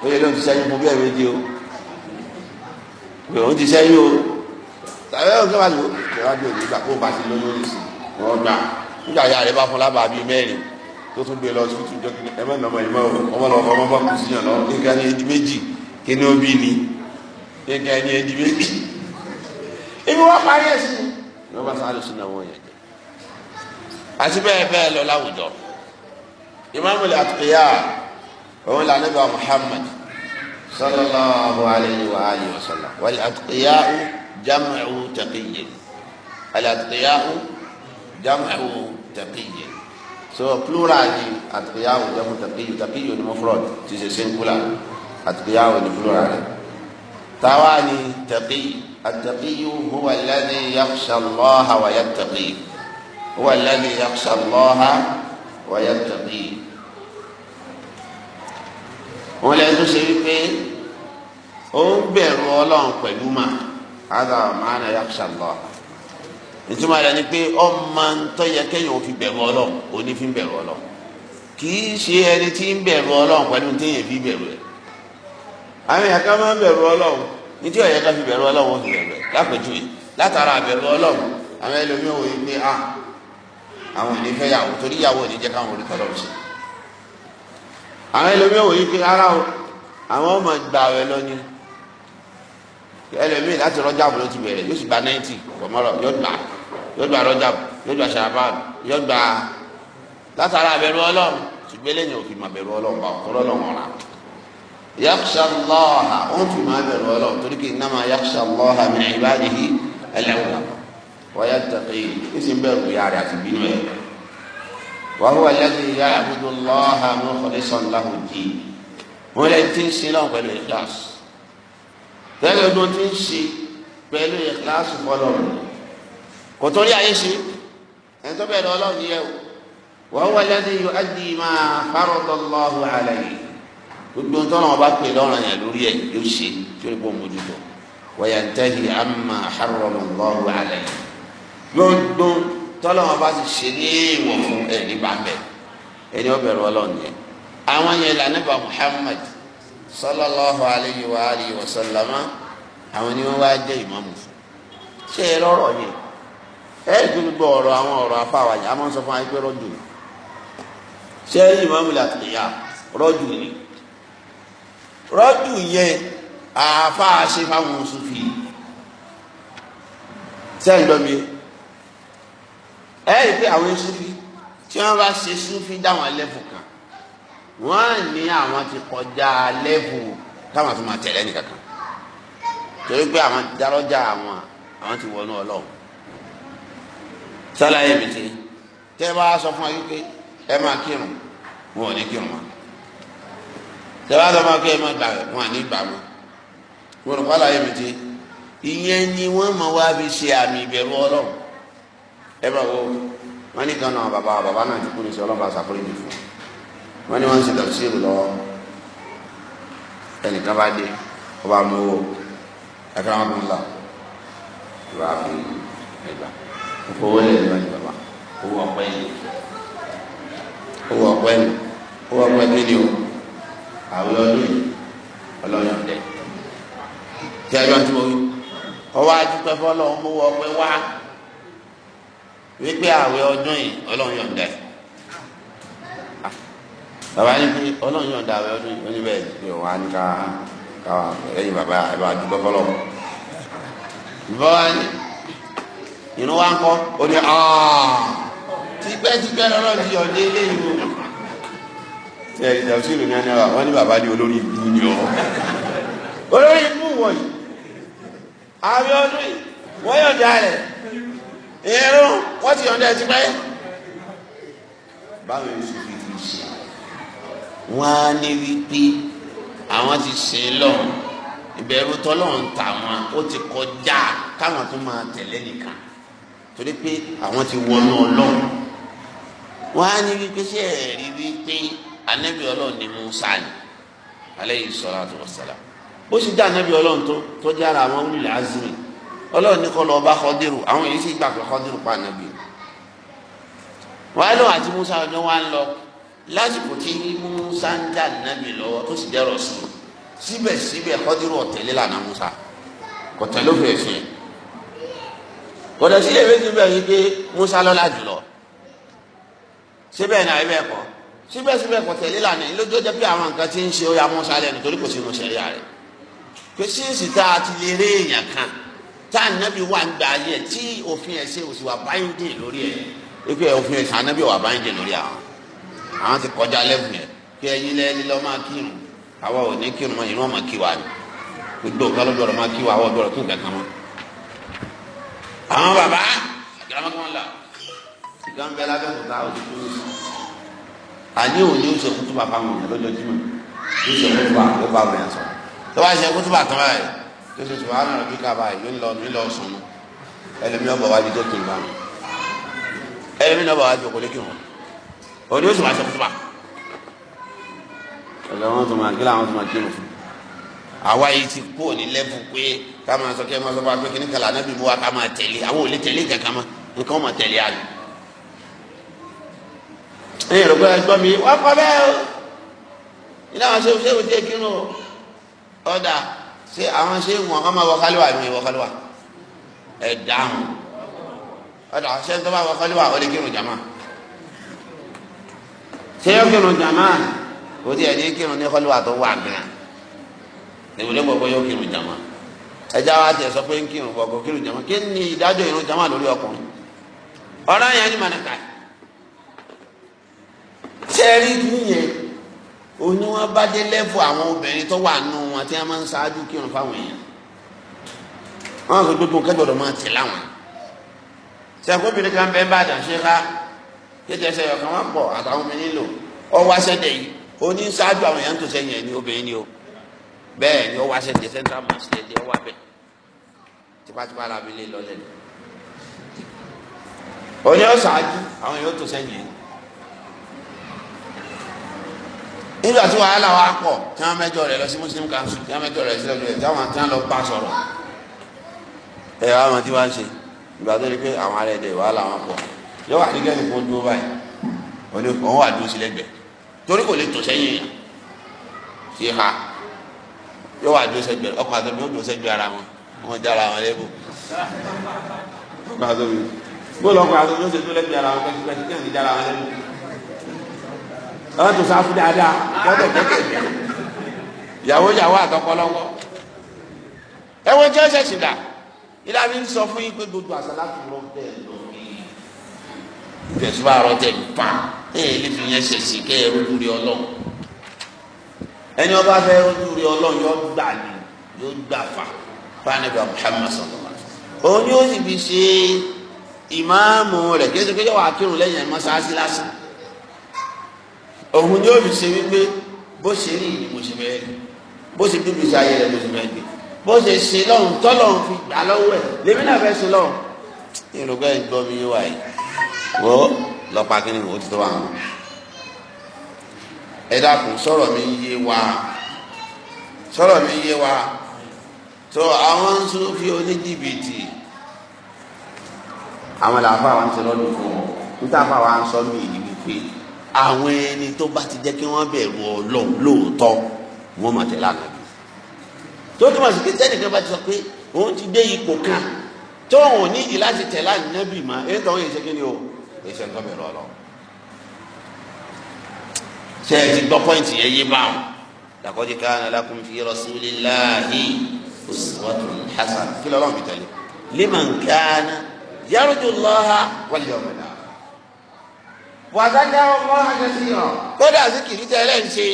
ó yẹ lóun ti sẹ́yìn fún bí ẹ̀ méje o òun ti sẹ́yìn o tàbí ẹ̀rọ kí wọ́n bá ti wò ìṣèwádìí òní gbà kó o bá ti lọ lórí sí wọ́n gbà nígbà yà rẹ bá fún lábàá bíi mẹ́rin tó tún gbé lọ sí tún jọ kí ẹ má nàmọ ìmọ ọmọ náà ọmọ bá kù síyàn lọ nǹkan ní ẹdí méjì kí ni ó bí ni nǹkan ní ẹdí méjì ibi wọn parí ẹ sí ni wọn bá sáré sínú àwọn yẹn jẹ àti bẹ́ẹ̀ bẹ́ẹ̀ lọ láwùjọ ìmáàmù àtúnyà òun là nígbà Muhammad sallallahu alayhi wa alihi wa sallam wàlẹ àtúnyà ó jam'u taqiyyin al-atqiyaa'u jam'u taqiyyin so plural yi atqiyaa'u jam'u taqiyyin taqiyyin ni mufrad ti ṣe singular atqiyaa'u ni plural rẹ̀ táwa ni taqiyyin at-taqiyyu huwa alladhi yakhsha Allaha wa yattaqi huwa alladhi yakhsha Allaha wa yattaqi wọn lẹ́nu ṣe wípé ó ń bẹ̀rù ọlọ́run pẹ̀lú màá hada maana yakhsha Allah ìtumọ̀ rẹ̀ ni pé ọmọ ntọ́ yẹ kéèyàn fi bẹ̀rù ọlọ́run òní fi bẹ̀rù ọlọ́run kì í ṣe ẹni tí ń bẹ̀rù ọlọ́run pẹ̀lú téèyàn fi bẹ̀rù ẹ̀ àwọn èèyàn kan máa ń bẹ̀rù ọlọ́run ní tí ọ̀yẹ́ kan fi bẹ̀rù ọlọ́run wọ́n fi bẹ̀rù ẹ̀ lápẹ̀jùwe látara àbẹ̀rù ọlọ́run àwọn ẹlòmíràn wòye a àwọn òní fẹ́ yàwó torí yàwó òní jẹ́ káwọn orí tọ́lọ́ sí àwọn ẹlòmíràn wòye pé ara àwọn ọmọ ìgbà rẹ lọ́nyìn ẹlẹ́mìí láti rọ́jàbù ló ti bẹ̀rẹ̀ yóò sì gba náìtì kọ̀mọ́rọ̀ yóò gbà yóò gbà rọ́jàbù yóò gbà ṣàbàn yóò gbà látara àbẹ̀rù ọlọ́run ṣùgbọ́n eléyìí ò fi mà bẹ̀rù ọlọ́run bá ọ̀tọ́ lọ́lọ́run ọ̀ra yaksha allaha òun fi mà bẹ̀rù ọlọ́run torí kí innama yaksha allaha min ibadihi al-ulama wa yattaqi ìsìn bẹ̀rù ìyá rẹ̀ àti bínú ẹ̀ wa huwa alladhi ya'budu allaha mukhlisan lahu ddin wọ́n lè ti ń sin náà pẹ̀lú gẹ́gẹ́ bí wọ́n ti ń ṣe pẹ̀lú ìkíláàsì fọlọ́run kò tó rí ayé ṣe ẹni tó bẹ̀rẹ̀ ọlọ́run yẹ o wọ́n wá lẹ́sìn yóò ádì máa fárọ̀ lọ́lọ́hùn àlẹ́ yìí gbogbo ohun tó náà bá pè lọ́rùn yẹn lórí ẹ̀ yóò ṣe tí ó lè bọ́ mójútó wọ́yà ń tẹ́lẹ̀ àmà fárọ̀ lọ́lọ́hùn àlẹ́ yìí gbogbo tọ́lọ́wọ́n bá ti ṣe ní ìwọ̀n fún ẹ̀ nígbà mẹ́ ẹni ó bẹ̀rẹ̀ ọlọ́run yẹn àwọn yẹn lànà bá Muhammad sallallahu alayhi wa alihi wa sallama àwọn ni wọn wá jẹ ìmáàmù fún ṣé ẹ lọ́rọ̀ yẹn ẹ tún gbọ́ ọ̀rọ̀ àwọn ọ̀rọ̀ afáwàjà a máa ń sọ fún wa pé rọjò ṣé ìmáàmù làtìyà rọjò ni rọjò yẹn àáfà ṣe fáwọn Sufi sẹ́yìn lọ́mi ẹ rí i pé àwọn Sufi tí wọ́n bá ṣe Sufi dáwọn ẹlẹ́fọ̀ wọ́n ní àwọn ti kọjá lẹ́bù táwọn tó máa tẹ̀lé nìkankan torí pé àwọn dárọ́jà àwọn àwọn ti wọnú ọlọ́run sálàyé mi ti tẹ́ bá sọ fún ayé pé ẹ máa kírun wọn ò ní kírun mọ́ tẹ́ bá sọ fún ayé pé ẹ máa gbà wọn à ní gbà mọ́ wọn ò kọ́ mi ti ìyẹn ni wọ́n máa wá fi ṣe àmì ìbẹ̀rù ọlọ́run ẹ bá wo wọn ní kan náà bàbá bàbá náà ti kú ní sọ ọlọ́run bá ṣàkóso ìdí fún un wọ́n ní wọ́n ń ṣe tafsir lọ ẹnìkan bá dé ọba mú owó ẹ̀ka wọn kún lọ ìwà fún ẹgbà òkú owó lè lọ ní bàbá owó ọ̀pẹ́ ni owó ọ̀pẹ́ ni owó ọ̀pẹ́ kí ni o àwọn ọdún ọlọ́yọ̀ dẹ tí a yọ àti mo wí ọwọ́ adúpẹ́ fọlọ́ ń mú ọpẹ́ wá wípé àwẹ̀ ọdún yìí ọlọ́yọ̀ dẹ bàbá yín pé ọlọ́run yóò da àwẹ̀ ọdún yìí bẹ́ẹ̀ pé òun á ní ká ká ẹ̀yìn bàbá ẹ̀ bá dúpẹ́ fọlọ́ bàbá yín ìrún wa ń kọ́ ó ní tipẹ́tipẹ́ lọ́lọ́run ti ọ̀dẹ́ eléyìí o ṣe ẹ̀rí ìdàgbàsí ìlú ní ẹni wọn ní bàbá ní olórí ìlú ni ọ olórí ìlú wọ̀nyí àwẹ̀ wọ́n yọ̀ dá rẹ̀ ìrún wọ́n ti yọ̀ dá ẹ ti pẹ́ báwo ni sùfì wọ́n á ní wípé àwọn ti ṣe é lọ́hùn ìbẹ̀rù tọ́lọ́hùn tà wọn ó ti kọjá káwọn tó máa tẹ̀lé nìkan torí pé àwọn ti wọnú ọlọ́hùn wọ́n á ní wípé ṣé ẹ̀ rí wípé anabi ọlọ́hùn ni Musa ni aleyhi salatu wassalam ó sì dá anabi ọlọ́hùn tó tó jára àwọn olùlẹ̀ azmi ọlọ́hùn ní kọ́ lọ́ọ́ bá Khadiru àwọn èyí sì gbà pé Khadiru pa anabi wàá lọ́wọ́ àti Musa ọjọ́ wa ń lọ lásìkò tí musa ń dà nàbì lọ́wọ́ tó sì dẹ́rọ̀ sí i síbẹ̀síbẹ̀ kọ́dírù ọ̀tẹ̀lẹ́ lànà musa kò tẹ̀lé òfin ẹ̀sìn ẹ̀ kò tẹ̀ sí èmi síbẹ̀ yìí pé musa lọ́lá jùlọ síbẹ̀ náà ẹ bẹ́ẹ̀ kọ́ síbẹ̀síbẹ̀ kò tẹ̀lé lànà yìí lójó jẹ́ pé àwọn nǹkan ti ń ṣe ó ya musa lẹ́nu torí kò sí musẹ̀rí rẹ̀ pé síìsì tá a ti lè rí èèyàn kan tá a nàbì wà ń gbà yẹ tí òfin ẹ̀sìn òsì wà báyìí dè lórí ẹ̀ pé òfin ẹ̀sìn ànàbì wà àwọn ti kọjá lẹ́fù yẹn kí ẹyin lẹ́ẹ̀lì lọ́ọ́ máa kírun àwa ò ní kírun mọ́ ìrún ọmọ kí wa ni gbogbo nǹkan ló dọ̀rọ̀ máa kí wa àwọn ọ̀dọ́rọ̀ tún kankan mọ́. àwọn bàbá àgbàlagbà la ìgbà ń bẹ lábẹ́ òkúta òtún tó ń sọ. àní òní ó ṣe kútu bàbá wọn yẹn lọ́jọ́ jímọ̀ ó ṣe kútu bàbá ó bá wọn yẹn sọ. tó bá ṣe kútu bàtàn báyìí tó ṣe sùn àwọn ọ̀rọ̀ bí kaba yìí ń lọ ń lọ sùn ẹlẹ́mi ọ̀bọ̀ wájú tó bá wọn ẹlẹ́mi kí òní ó sì wáá ṣe fún wa. ọ̀dọ̀ wọn tún máa kí làwọn tún máa kí lòfin. àwa yìí ti kú òní lẹ́bù pé ká máa sọ kí ẹ máa sọ fún wa pé kíní kàlà náà bí bu wa ká máa tẹ̀lé àwọn ò lè tẹ̀lé kankan mọ́ nǹkan máa tẹ̀lé àlè. ẹ̀yin rògbò ẹgbọ́n mi wọ́n kọ́ bẹ́ẹ̀ o ilé àwọn ṣéwù ṣéwù tí èkìrún o ọ̀dà ṣé àwọn ṣéwù wọn máa wọ kálíwà mi wọ kálíwà ẹ̀ dáhùn ọ̀dà ṣé ń tọ́ bá wọ kálíwà ó lè kírun jàmáà ṣé yóò kírun jàmá kò tí ẹ̀ ní kírun ní kọ́lùwà tó wà gan ìwúlẹ̀ gbogbo yóò kírun jàmá ẹja wa tẹ̀ sọ pé ń kírun gbogbo kírun jàmá kí ni ìdájọ́ ìrun jàmá lórí ọkùnrin ọ̀rọ̀ yẹn ni mànàkà sẹ́ẹ̀rí nìyẹn oní wọn bá dé lẹ́fù àwọn obìnrin tó wà nù wọn tí wọn máa ń ṣáájú kírun fáwọn èèyàn wọn kò gbogbo kẹgbọdọ máa tẹ̀ láwọn sẹ́kọ̀ọ́ yíyá ẹsẹ̀ yọ̀kan wọn pọ̀ àtàwọn obìnrin lò ọwọ́ aṣẹ́dẹ̀ yìí oní ṣáájú àwọn èèyàn tó sẹ́yìn ẹ̀ ní obìnrin ni o bẹ́ẹ̀ ni ọwọ́ aṣẹ́dẹ̀ central mosque lẹ́lẹ́ ọwọ́ abẹ tipátipá la fi lé lọ́lẹ̀ lọ. oní ọ̀ṣáájú àwọn èèyàn tó sẹ́yìn ẹ̀ nígbà tí wàhálà wa pọ̀ tí wọ́n mẹ́jọ rẹ̀ lọ sí muslim council tí wọ́n mẹ́jọ rẹ̀ sí ọ̀dọ̀ rẹ̀ tí wọ́n ti lọ bá sọ̀rọ̀ ẹ̀ wá mọ̀ tí wọ́n ṣe ìgbà tó rí pé àwọn ará ẹ̀dẹ̀ wàhálà wọn pọ̀ yọ wà nígbà yìí kó dúró báyìí wọn ni wà dúró sí lẹ́gbẹ̀ẹ́ torí kò lè tò sẹ́yìn yàn sí ha yọ wà dúró sẹ́gbẹ̀ẹ́ ọkọ àti ọmọ dúró sẹ́gbẹ̀ẹ́ ara wọn wọn já ara wọn lẹbù ọkọ àti ọmọ bóòlù ọkọ àti ọmọ dúró sẹ́gbẹ̀ẹ́ ara wọn pẹkipẹki kí wọn ti ara wọn lẹbù ọlọ́tò sáfù dáadáa kọ́tọ̀ kẹ́kẹ́ yàwó yàwó àtọkọ lọ́wọ́ ẹ̀wọ̀n jẹ́ ṣẹ̀ṣì dà ìlànà ń sọ fún yín pé gbogbo àṣà láti rọ bẹ́ẹ̀ ìfẹ̀sùn bá rọ tẹ pa ẹ̀yẹ lè fi yẹn ṣèṣì kẹ́ ẹ rojú rí ọlọ́run ẹni ọba fẹ́ rojú rí ọlọ́run yóò gbà ní yóò gbà fà fáníbà Muhammad sọlọ́mà òun yóò sì fi ṣe ìmáàmù rẹ̀ kí ẹsẹ̀ kéjọ́ wà kírun lẹ́yìn ẹ̀ mọ́ṣáláṣí lásán òun yóò fi ṣe wípé bó ṣe rí ìdìbò ṣe fẹ́ rí bó ṣe bíbi ṣe ayẹyẹ ló ṣe gbé bó ṣe ṣe lọ́run tọ́lọ́run fi gbà lọ́wọ́ ẹ̀ lèmi náà fẹ́ ṣe lọ́run ìrùkọ́ ẹ̀ wáyé wo lọ́pàá kí ni wò ti tó wà ẹ dákun sọ̀rọ̀ mi yé wa sọ̀rọ̀ mi yé wa tó àwọn Sufi oníjìbìtì àwọn làbá wa ń ṣe lọ́dún fún wọn níta bá wa sọ mí ìdí wípé àwọn ẹni tó bá ti jẹ́ kí wọ́n bẹ̀rù Ọlọ́run lóòótọ́ wọ́n máa tẹ̀lé àná tó túmọ̀ sí pé tẹ́nìkan bá ti sọ pé òun ti dé ipò kan tó òun nídìí láti tẹ̀lé ànábì mọ́ èyí tó ń yẹ ṣe ni o kìí ṣe nǹkan mìíràn lọ. ṣé ẹ ti gbọ́ pọ́ìntì yẹn yé báwọn. laqad kana lakum fi rasulillahi uswatun hasanah kí lọ́lọ́run fi tẹ̀lé. liman kana yarju Allaha wal yawmal akhir wàzájà ọmọ àjẹsíyàn. kódà síkìrì tẹ ẹlẹ́yìn ṣe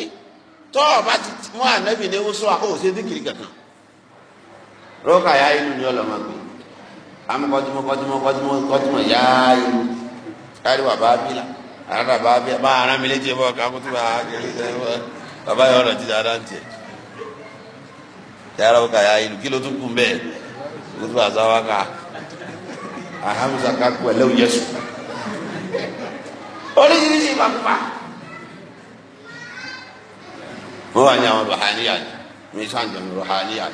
tọ́ ọba ti mú ànábì ní wúsọ àkóò ṣe síkìrì kankan. rókà yá inú ni ọlọmọ gbé amúkọtúmọ kọtúmọ kọtúmọ yá inú káàdì bàbá abila àràdà bàbá abila bá ara mi létí bọ́ kakutu bá kiri sẹ́ bàbá yọ ọ̀rọ̀ ti dáadáa ń tiẹ̀ yàrá òkà yà ìlú kí ló tún kún bẹ́ẹ̀ kutu bá sáwá ká ahamusa kakú ẹ̀ lẹ́wọ̀n yẹsù oríṣiríṣi ìfàkùfà wọ́n wà ní àwọn ruhaniya ní sàǹjẹ̀ ní ruhaniya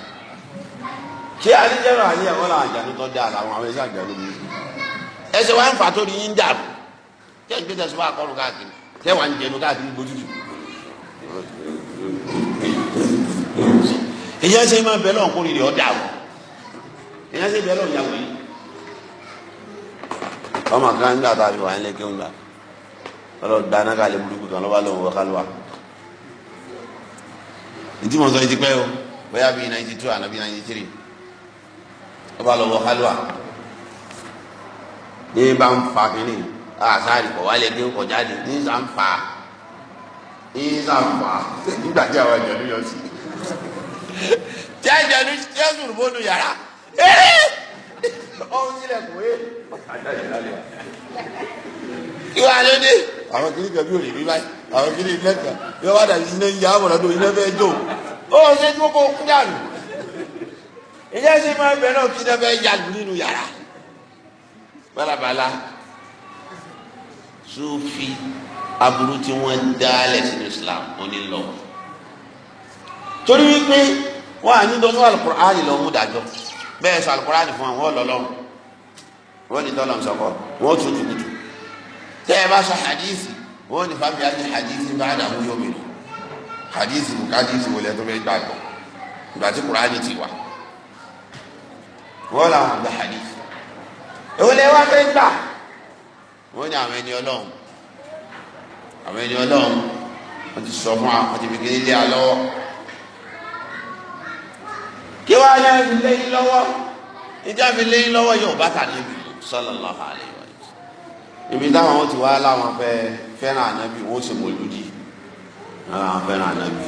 kí alíjẹ́ ruhaniya wọ́n làwọn àjànú tó dáa làwọn àwọn ẹ̀ṣẹ̀ àjànú mi ẹ̀ṣẹ̀ wá ń fà tó ní yín dàrú tẹ́ ìgbé tẹ̀sí bá akọ́rù káàkiri tẹ́ wà ń jẹnu káàkiri gbójútù. èyí ẹsẹ̀ máa bẹ̀ lọ́n kórìí ọ̀dà o èyí ẹsẹ̀ bẹ̀ lọ́n yàwó yìí. ọmọ kan ń gbà tá a fi wà ń lé kéwọn gbà ọlọ́run dáná kálẹ̀ burúkú kan lọ́wọ́ lọ́wọ́ kálíwá. ìdí mọ̀ sọ yìí ti pẹ́ o bóyá bíi ninety two àná bíi ninety three ọba lọ́wọ́ kálíwá ní bá ń fa kínní àṣàrì kọ̀ wálé kí ó kọ̀ jáde ní sàǹfà ní sàǹfà nígbà tí àwọn ìjọ̀dún yọ sí. tí a ìjọ̀dún tí a sùn bó nu yàrá ọ̀hún sílẹ̀ kò é. ìwà ló dé. àwọn kiri kan bí olè rí báyìí àwọn kiri iná kan bí wọn bá dàbí iná ń ya àbọ̀dá tó iná fẹ́ jó ó ṣe tí kò kú dànù ìjẹ́sìn máa ń bẹ̀rẹ̀ òkú iná fẹ́ yàlù nínú yàrá balabala sufi aburú tí wọ́n dálẹ̀ sínú islam onílọ torí wípé wọn à ní dọ́sọ́ alukur'ani lọ mú dájọ́ bẹ́ẹ̀ sọ alukur'ani fún àwọn ọlọ́lọ́run wọ́n ní tọ́lọ̀ sọ̀kọ̀ wọ́n tún tukutu tẹ́ ẹ bá sọ hadithi wọ́n ní fàbí àti hadithi bá dà mú yóò mìíràn hadithi kò hadithi wọlé tó fẹ́ gbàgbọ́ ìgbà tí kur'ani ti wà wọ́n làwọn àgbà hadithi èwo lè wá gbà wọ́n ní àwọn ẹni ọlọ́run àwọn ẹni ọlọ́run wọ́n ti sọ fún wa wọ́n ti fi kiri lé wa lọ́wọ́ kí wàá yẹ fi léyìn lọ́wọ́ ìjà fi léyìn lọ́wọ́ yóò bá tà níbi sallallahu alaihi wa sallam ibi táwọn wọn ti wá láwọn fẹ́ fẹ́ràn ànábì wọ́n sì mọ̀lúdì àwọn fẹ́ràn ànábì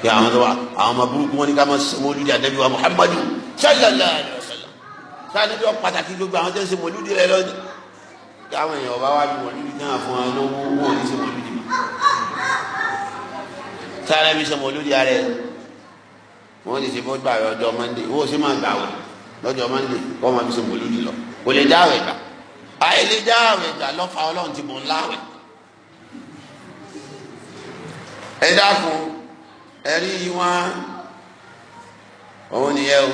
kí àwọn tó wà àwọn ọmọ burúkú wọn ní ká máa mọ̀lúdì ànábì wa Muhammadu sallallahu alaihi wa sallam sáà níbi wọn pàtàkì gbogbo àwọn tó ń ṣe mọ̀lúdì rẹ lọ́dún táwọn èèyàn ọba wá wọn níbi náà fún wọn lówó wọn ò ní sọ mọlúdi mọ sáré bí sọ mọlúdi arẹ wọn ti ṣe fún gbà mọndé wọn ò sì máa gbà wọn lọ́jọ́ mọndé wọn máa fi sọ mọlúdi lọ kò lè dá àwẹ̀ gbà àyè lè dá àwẹ̀ gbà lọfà Ọlọ́run ti mọ láwẹ̀ ẹ dákun ẹ rí wọn òun nìyẹn o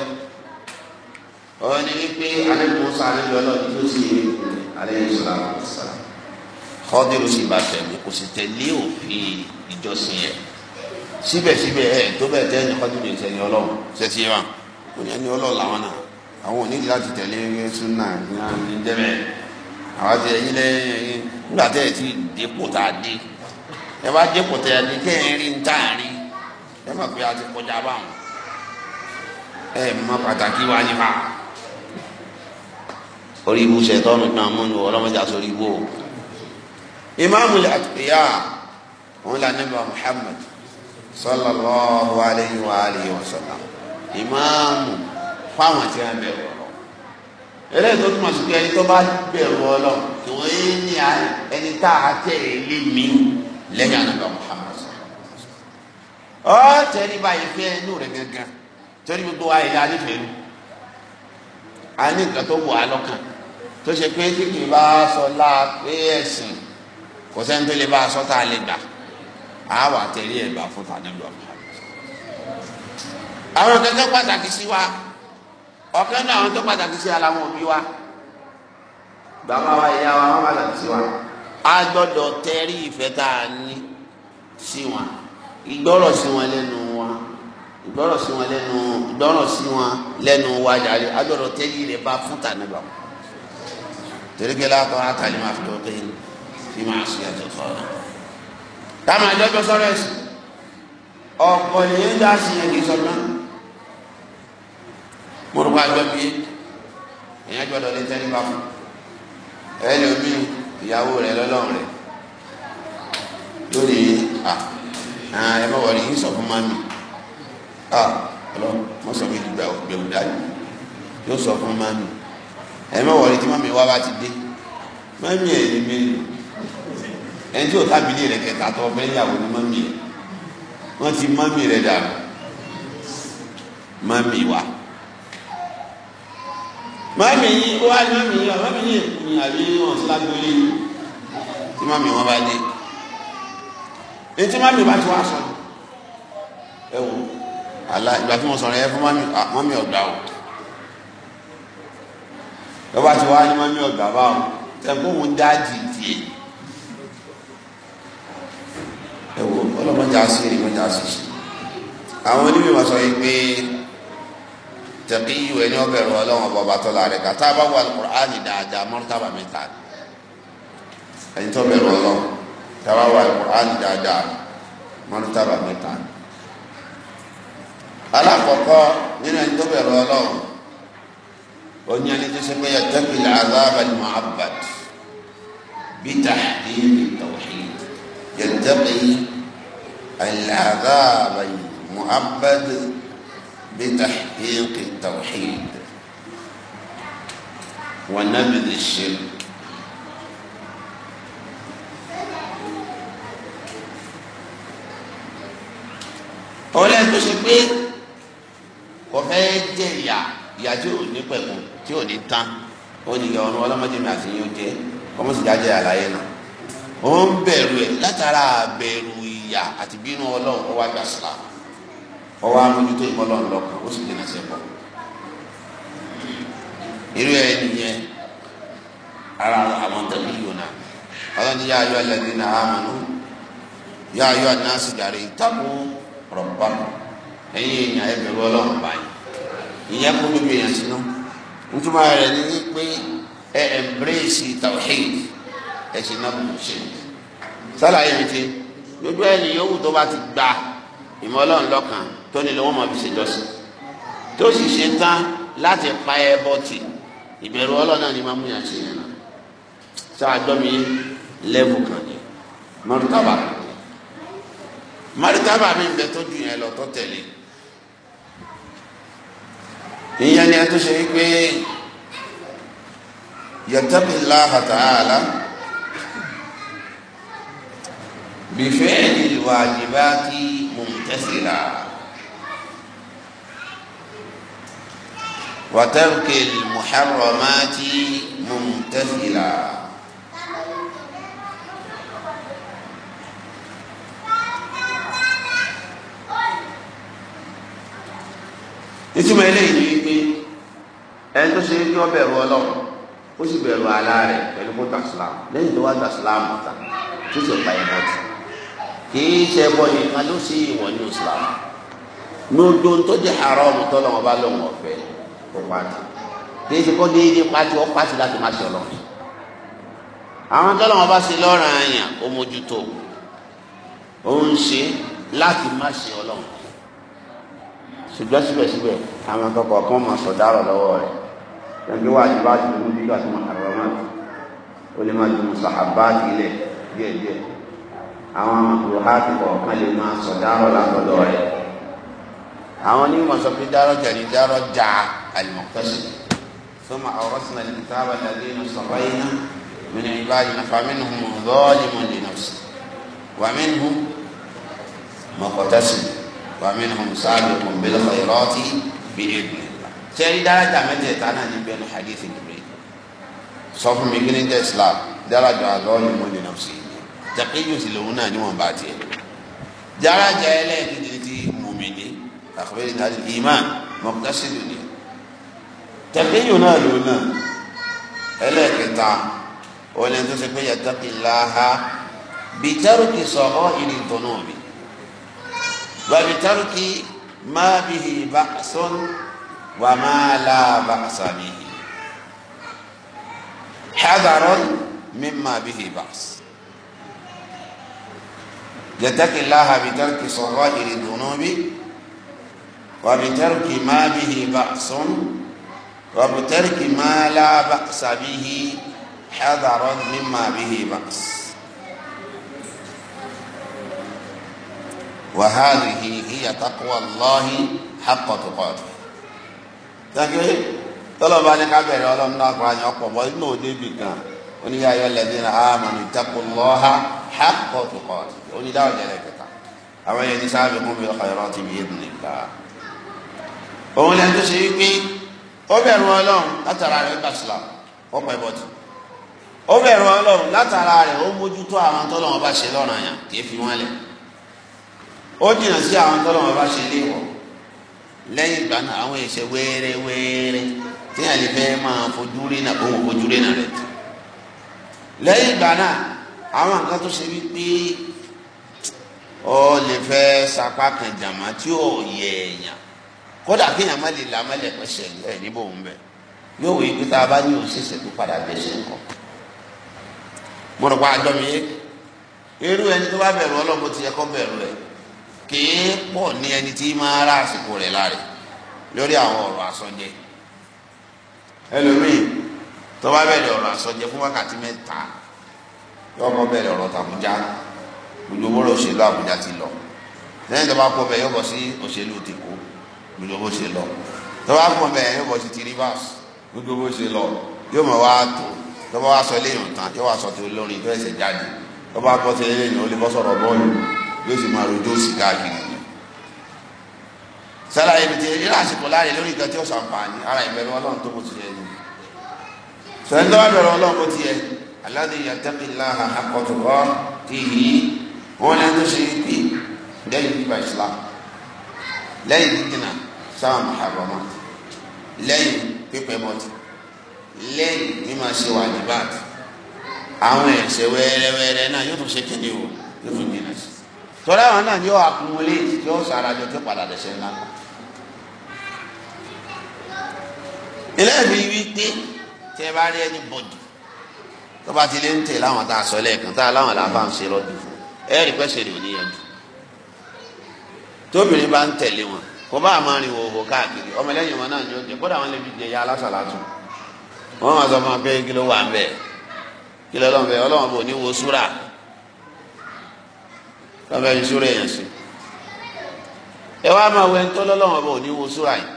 òun ni wípé alẹ́ kò sáré lọ́lọ́ tó sì yẹ aleyhi salaam salaam kọ́dírù sì bá tẹ̀lé kò sì tẹ̀lé òfin ìjọsìn yẹn síbẹ̀síbẹ̀ ẹ̀ tó bẹ̀ tẹ́ ẹni kọ́dírù yẹn sẹ́ni ọlọ́run sẹ́sì yẹn wa kò ní ẹni ọlọ́run làwọn náà àwọn onídìí láti tẹ̀lé súnà ní dẹ́bẹ̀ àwọn àti ẹ̀yin lẹ́yìn ẹ̀yin nígbà tẹ́ ẹ̀ ti dépò tá a dé ẹ bá dépò tẹ́ ẹ ní kẹ́ ẹ rí ń tà rí ẹ mọ̀ pé a ti kọjá báwọn ẹ mọ pàtàkì wá ní báwọn orí ibu ṣètọ́nù kan múnú ọlọ́mọdé àsọrí ibu o imaamu al-atqiya wọn là níbi wa muhammad sallallahu alayhi wa alihi wa sallam imaamu fáwọn tí wọn bẹ̀rù ọlọ eléyìí tó túmọ̀ sí pé ẹni tó bá bẹ̀rù ọlọ kí wọ́n yé ní ẹni tá a tẹ̀ lé mi lẹ́yìn ànábà muhammad ọ tẹ́lifà ìfẹ́ inú rẹ̀ gángan torí gbogbo ayé adé fẹ́ẹ́ a ní nǹkan tó wà á lọ́kàn tó ṣe pé tí kì í bá sọ la pé ẹ̀sìn kò sẹ́ni tó lè bá a sọ tá a lè gbà á wà tẹ̀lé ẹ̀ gbà fún tànílù ọ̀gá. àwọn kẹ́kẹ́ pàtàkì sí wa ọ̀kan náà àwọn tó pàtàkì sí ara òbí wa bàbá wa ìyá wa wọn pàtàkì sí wa a gbọ́dọ̀ tẹrí ìfẹ́ tá a ní sí wọn ìgbọ́rọ̀ sí wọn lẹ́nu gbọ́rọ̀ sí wọn lẹ́nu gbọ́rọ̀ sí wọn lẹ́nu wa jàre agbọ́dọ̀ tẹ́lẹ̀ rẹ̀ bá fún látọ̀ àtàlẹ́ máa fi tọ́tẹ́ yìí fi máa sùn yàtọ̀ kọ́ra. táwọn àjọjọ sọ̀rọ̀ ẹ̀sìn ọ̀pọ̀ nìyẹn dá sí yẹn kì í sọ̀rọ̀ náà mo rò bíi bá fún omi ìyàwó rẹ̀ lọ́lọ́run a ah, ọlọ́run wọ́n sọ mi gbà gbẹ̀wò dání yóò sọ fún mami ẹ má wọlé tí mami wá bá ti dé mami ẹ̀ ní mi ẹni tí o tábì ní rẹ̀ kẹta tó fẹ́ yàwó ní mami rẹ̀ wọ́n ti mami rẹ̀ dànù mami wa mami yìí wá ní mami yìí wá mami yìí ní àbí wọn ti lágbóyè tí mami wọn bá dé ètí mami bá ti wá sọ ẹ wò ó àlá ìgbà tí mo sọ̀rọ̀ yẹn fún mọ́mí ah, ọ̀gbà o lọ́ba ti wá ní mọ́mí ọ̀gbà bá o tẹ̀kọ́ òun dáàdì tiẹ̀ ẹ wo ọlọ́mọdé àṣì ìrìnàjò àṣì ṣe àwọn onímọ̀ ìmọ̀ sọ yìí pé tẹ̀kí ìwé ní ọbẹ̀ rẹ ọlọ́wọ́n bọ̀bá tọ́ la rẹ̀ kàtà bá wà Al-Qur'ani dáadáa mọ́tàbà mẹ́ta ẹ̀yìn tọ́ bẹ̀rù ọlọ́wọ́n tàbá wà Al-Qur'ani dáadáa mọ́tàbà mẹ́ta ni. alakoko nina ẹni tó bẹ̀rù ọlọ́run ó ní ẹni tó ṣe pé yàtọ̀kì làzábà ni muhammad bita ìlú tawhid yàtọ̀kì làzábà ni muhabbat bita ìlú tawhid wọn nàbìlì shir. ọlẹ́ tó ṣe pé kọfẹ́ jẹ ìyà ìyà tí ò ní tí ò ní tán ó ní ìyá ọ̀run ọlọ́mọdé àti yín ó jẹ kọ́mọ́sì jáde àlàyé náà ó ń bẹ̀rù ẹ̀ látara bẹ̀rù ìyà àti bínú ọlọ́run ọwọ́ àgbà sàlá ọwọ́ amójútó ó ara àwọn yìí náà ti yá yá ìtàkùn ẹ̀yin èèyàn ẹ bẹ̀rù Ọlọ́run báyìí ìyẹn kó gbogbo èèyàn sínú ntoma rẹ ni wípé ẹ embrace tawhid ẹ sì náà kò ṣe sálàyé mi ti gbogbo ẹni yòówù tó bá ti gba ìmọ̀ Ọlọ́run lọ́kàn tó ní lọ́wọ́ máa fi ṣèjọsìn tó sì ṣe tán láti pa ẹ bọ́tì ìbẹ̀rù Ọlọ́run náà ni máa mú yàn ṣe yẹn náà sáà gbọ́ mi lẹ́bù kan ní mọ́rítàbà mọ́rítàbà mi ń bẹ tó ju yẹn lọ tó tẹ̀lé. يعني اتشيك يتقي الله تعالى بفعل الواجبات ممتثلا وترك المحرمات ممتثلا ìtumọ̀ eléyìí ni wípé ẹni tó ṣe kí wọ́n bẹ̀rù ọlọ́run ó sì bẹ̀rù àlá rẹ̀ pẹ̀lú kó tàṣìlámù lẹ́yìn tó wá tàṣìlámù ta tó sì pa ẹ̀ mọ́tì kì í ṣe bọ́ nìkan ló sì wọ̀ ní ìsìlámù gbogbo tó jẹ́ haramu tó lọ́wọ́ bá lọ́wọ́ ọ̀fẹ́ kó pàtì kì í ṣe kó déédéé pàtì ó pàtì láti má ṣe ọlọ́run àwọn tó lọ́wọ́ bá ṣe lọ́rùn àyàn ó mójútó ó ń ṣe láti má ṣe ọlọ́run ṣùgbọ́n síbẹ̀síbẹ̀ àwọn akẹ́kọ̀ọ́ kan máa sọ dárò lọ́wọ́ rẹ̀ ṣẹ́ńkẹ́ wà ní bá ti mú bí gbàtí wọn àrọ̀ máa ó lè máa ju sàhábà tilẹ̀ díẹ̀díẹ̀ àwọn àmàkùrọ̀hátì kọ̀ọ̀kan lè máa sọ dárò látọ̀dọ̀ rẹ̀ àwọn onímọ̀ sọ pé dárò jẹ̀rí dárò já àlùmọ̀kọ́sì ثم أورثنا الكتاب الذين صرينا من عبادنا فمنهم ظالم لنفسه ومنهم مقتصد ومنهم سابق بالخيرات بإذن الله sẹ́rí dáradà mẹ́tẹ̀ẹ̀ta náà ní bẹ́ẹ̀ ní hadith Jibril sọ fún mi kí ni jẹ́ Islam dáradà lọ́ọ̀yìn mọ́ ní nàfṣì yìí tàkíyù sí lòun náà níwọ̀n bá tiẹ̀ dáradà ẹlẹ́ẹ̀kejì ti mùmìnì àkùbẹ́rẹ́ náà ìmán mọ̀kútàṣídù ni tàkíyù náà lòun náà ẹlẹ́ẹ̀kẹta olè tó ṣe pé yàtọ̀ ìlàhà bìtẹ́rù kìsọ̀ ọ́ ìrìn tọ́nà mi. وبترك ما به بأس وما لا بأس به حذر مما به بأس يتقي الله بترك صغائر الذنوب وبترك ما به بأس وبترك ما لا بأس به حذرا مما به بأس وهذه هي تقوى الله حق تقاته dàgbé tọ́lọ́ba ní kábẹ̀rẹ̀ ọlọ́run náà kọ́ àyàn ọ̀pọ̀ ọ inú òde ibì kan oníyàyọ̀ lẹ́dínà àmọ̀nù ìtàkùnlọ́ha hákọ̀tùkọ̀ onídàwọ̀ jẹ́lẹ̀ kẹta àwọn yẹn ní sáàbì kún ó jìnnà sí àwọn tọ́lọ́mọ bá ṣe léwọ̀ lẹ́yìn ìgbà náà àwọn ẹ̀ṣẹ̀ wẹ́rẹ́ wẹ́rẹ́ tí àlè fẹ́ máa fojú rí náà òun fojú rí náà rẹ̀ tì lẹ́yìn ìgbà náà àwọn nǹkan tó ṣe wípé ó lè fẹ́ sapá kan jàmá tí ò yẹ èèyàn kódà kí èèyàn má lè la má lè pẹ́sẹ̀ ẹ̀ níbò ń bẹ̀ yóò wí pé tá a bá ní òṣìṣẹ́ tó padà bẹ̀ṣẹ̀ nǹkan mo rò pé àjọ mi yé irú ẹni tó bá bẹ̀rù ọlọ́run ti yẹ kó bẹ̀rù ẹ̀ kìí pọ̀ ní ẹni tí máa rà àsìkò rẹ̀ láre lórí àwọn ọ̀rọ̀ àsọjẹ ẹlòmíì tó bá bẹ̀rẹ̀ ọ̀rọ̀ àsọjẹ fún wákàtí mẹ́ta yọkọ bẹ̀rẹ̀ ọ̀rọ̀ tàbújá gbogbo bọ́lá òṣèlú àbújá ti lọ lẹ́yìn tó bá pọ̀ bẹ̀ yọkọ sí òṣèlú tèkó gbogbo bó lọ tó bá pọ̀ bẹ̀ yọkọ sí ti rivers gbogbo bó lọ yóò mọ̀ wá tó tó bá wá sọ eléyìí tán yóò wá sọ ti olórin tó ẹsẹ̀ jáde tó bá bọ́ sí eléyìí ó lè bọ́ sọ̀rọ̀ bọ́ọ̀lù yóò sì máa rojọ́ sí káàkiri ni sára ibi tí ilé àsìkò láàyè lórí nǹkan tí ó ṣàǹfààní ara ìbẹ̀rù ọlọ́run tó kò tiẹ̀ ni sọ̀rọ̀ wá bẹ̀rù ọlọ́run kò tiẹ̀ alladhi yattaqillaha haqqa tuqatihi wọn ni tó ṣe pé lẹ́yìn bíbá islam lẹ́yìn dídínà sáwọn maharoma lẹ́yìn pípẹ́ mọ́tì lẹ́yìn mímọ́ ṣe wà ní báàtì àwọn ẹ̀ṣẹ̀ wẹ́rẹ́wẹ́rẹ́ náà yóò tún ṣe kéde o yóò tún jìnnà tọ́lá àwọn náà yóò akumulé tí ó sàrajọ tó padà dẹ̀sẹ̀ ńlá kan. eléyìí wí pé tẹ bá rí ẹni bọ̀dù tó bá ti lé ń tẹ̀ láwọn tá a sọ lẹ́ẹ̀kan tá a láwọn là bá ń ṣe lọ́dún fún ẹ rí pẹ́sẹ̀ rẹ̀ ò tóbìnrin bá ń tẹ̀lé wọn kó bá a máa rìn wòwò káàkiri ọmọlẹ́yìn wọn náà yóò jẹ kódà wọn lè fi jẹ ya alásàlátù wọn máa sọ fún wọn pé kí ló wà ń bẹ kí lọ́lọ́run lọ́wọ́ fẹ́ fi súra èèyàn sí ẹ wá máa wẹ ńtọ́ lọ́lọ́wọ́ ọba òní wo súra yìí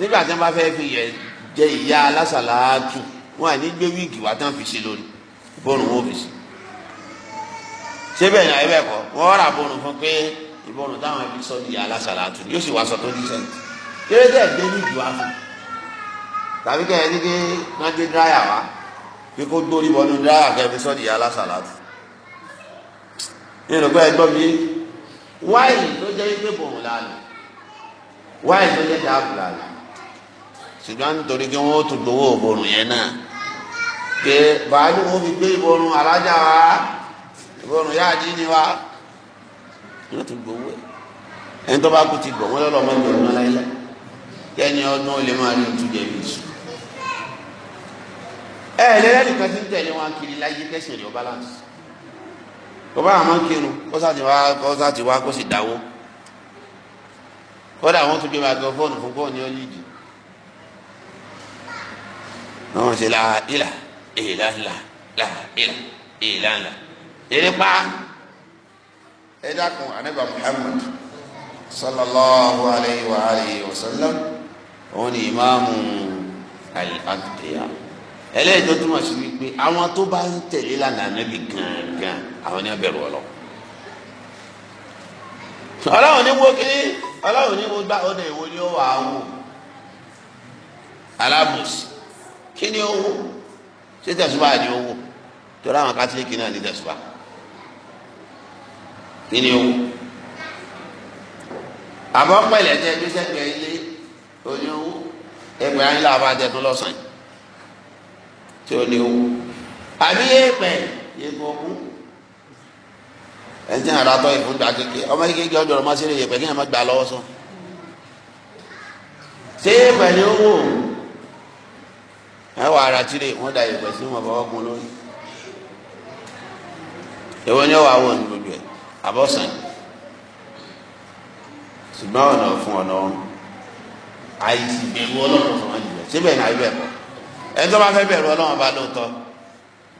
nígbà tí wọ́n bá fẹ́ fi yẹ jẹ ìyá alásàlátù wọn àní gbé wíìgì wá tán fi sí lórí bọ́ọ̀nù wọn ò fi sí ṣé bẹ́ẹ̀ ni àyè bẹ́ẹ̀ kọ́ wọ́n rà bọ́ọ̀nù fún pé ìbọ̀nù táwọn fi sọ di ìyá alásàlátù yóò sì wá sọ tó dísẹ́ǹtì kéré tẹ̀ gbé wíìgì wá fún tàbí kẹ́ ẹ ní kí wọ́n gbé dráyà wá pé kó dórí bọ́ọ̀nù dráyà kẹ́ fi sọ di ìyá alásàlátù ìrùkọ́ ẹgbọ́n mi wáìlì tó jẹ́ wípé bòun lálẹ́ wáìlì tó jẹ́ dáàbò lálẹ́ ṣùgbọ́n nítorí kí wọ́n tún gbowó ìborùn yẹn náà pé bàálù wọn fi gbé ìborùn alájà wa ìborùn yáàdí ni wa wọ́n tún gbowó ẹ̀ ẹni tó bá kú ti gbọ̀ wọ́n lọ́lọ́ ọmọ ìgbà ọ̀nà láyé kẹ́ni ọdún ó lè máa rí ojú jẹ̀bi jù ẹ̀ lẹ́yìn nìkan ti ń tẹ̀lé wọn kiri láyé kẹ́sìn ìrìn ọba láti sùn bàbá àmọ́ kírun kó sáà ti wá kó sáà ti wá kó sì dáwó kódà wọ́n tún gbé bàtọ fóònù fún fóònù yóò yíjì wọ́n ṣe la ìlà ìlà ìlà la ìlà ìlà ńlá èrè pa ẹ dákun anábà Muhammad sallallahu alayhi wa alayhi wa sallam òun ni imaamu al-adqiya ẹlẹ́yìn tó túmọ̀ sí wípé àwọn tó bá ń tẹ̀lé lánàá nàbì gángan àwọn ní abẹ̀rù ọlọ. ọlọ́run ní wo kí ọlọ́run ní wo gbà ọ̀dọ̀ ìwo ni ó wà á wò alábòsí kí ni ó wò ṣé tẹ̀sùbà ni ó wò torí àwọn kátólíkì náà ní tẹ̀sùbà kí ni ó wò àmọ́ pẹ̀lẹ́ tẹ ẹbí sẹ́gbẹ̀ẹ́ ilé oní owó ẹgbẹ́ ayé làwọn máa tẹ̀tún lọ́sàn-án tí ó owó àbí yé pẹ̀ yé ẹ̀ ń tí hàn látọ̀ ìfún gbà kéke ọmọ kéke ọjọ́ ọmọ sí ìyẹ̀pẹ̀ kí ẹ̀ má gbà lọ́wọ́ sọ. ṣé pẹ̀lú owó ẹ wà ara tí wọ́n da ìyẹ̀pẹ̀ sí wọn fọwọ́ kun lórí. ìwọ ni ó wà wọ̀ ní gbogbo ẹ̀ àbọ̀sán ṣùgbọ́n ọ̀nà fún ọ̀nà ọ̀run àìsí bẹ̀rù ọlọ́run fún wọn jùlọ síbẹ̀ ní ayé bẹ̀rù ẹni tó bá fẹ́ bẹ̀rù ọlọ́run bá lóòótọ́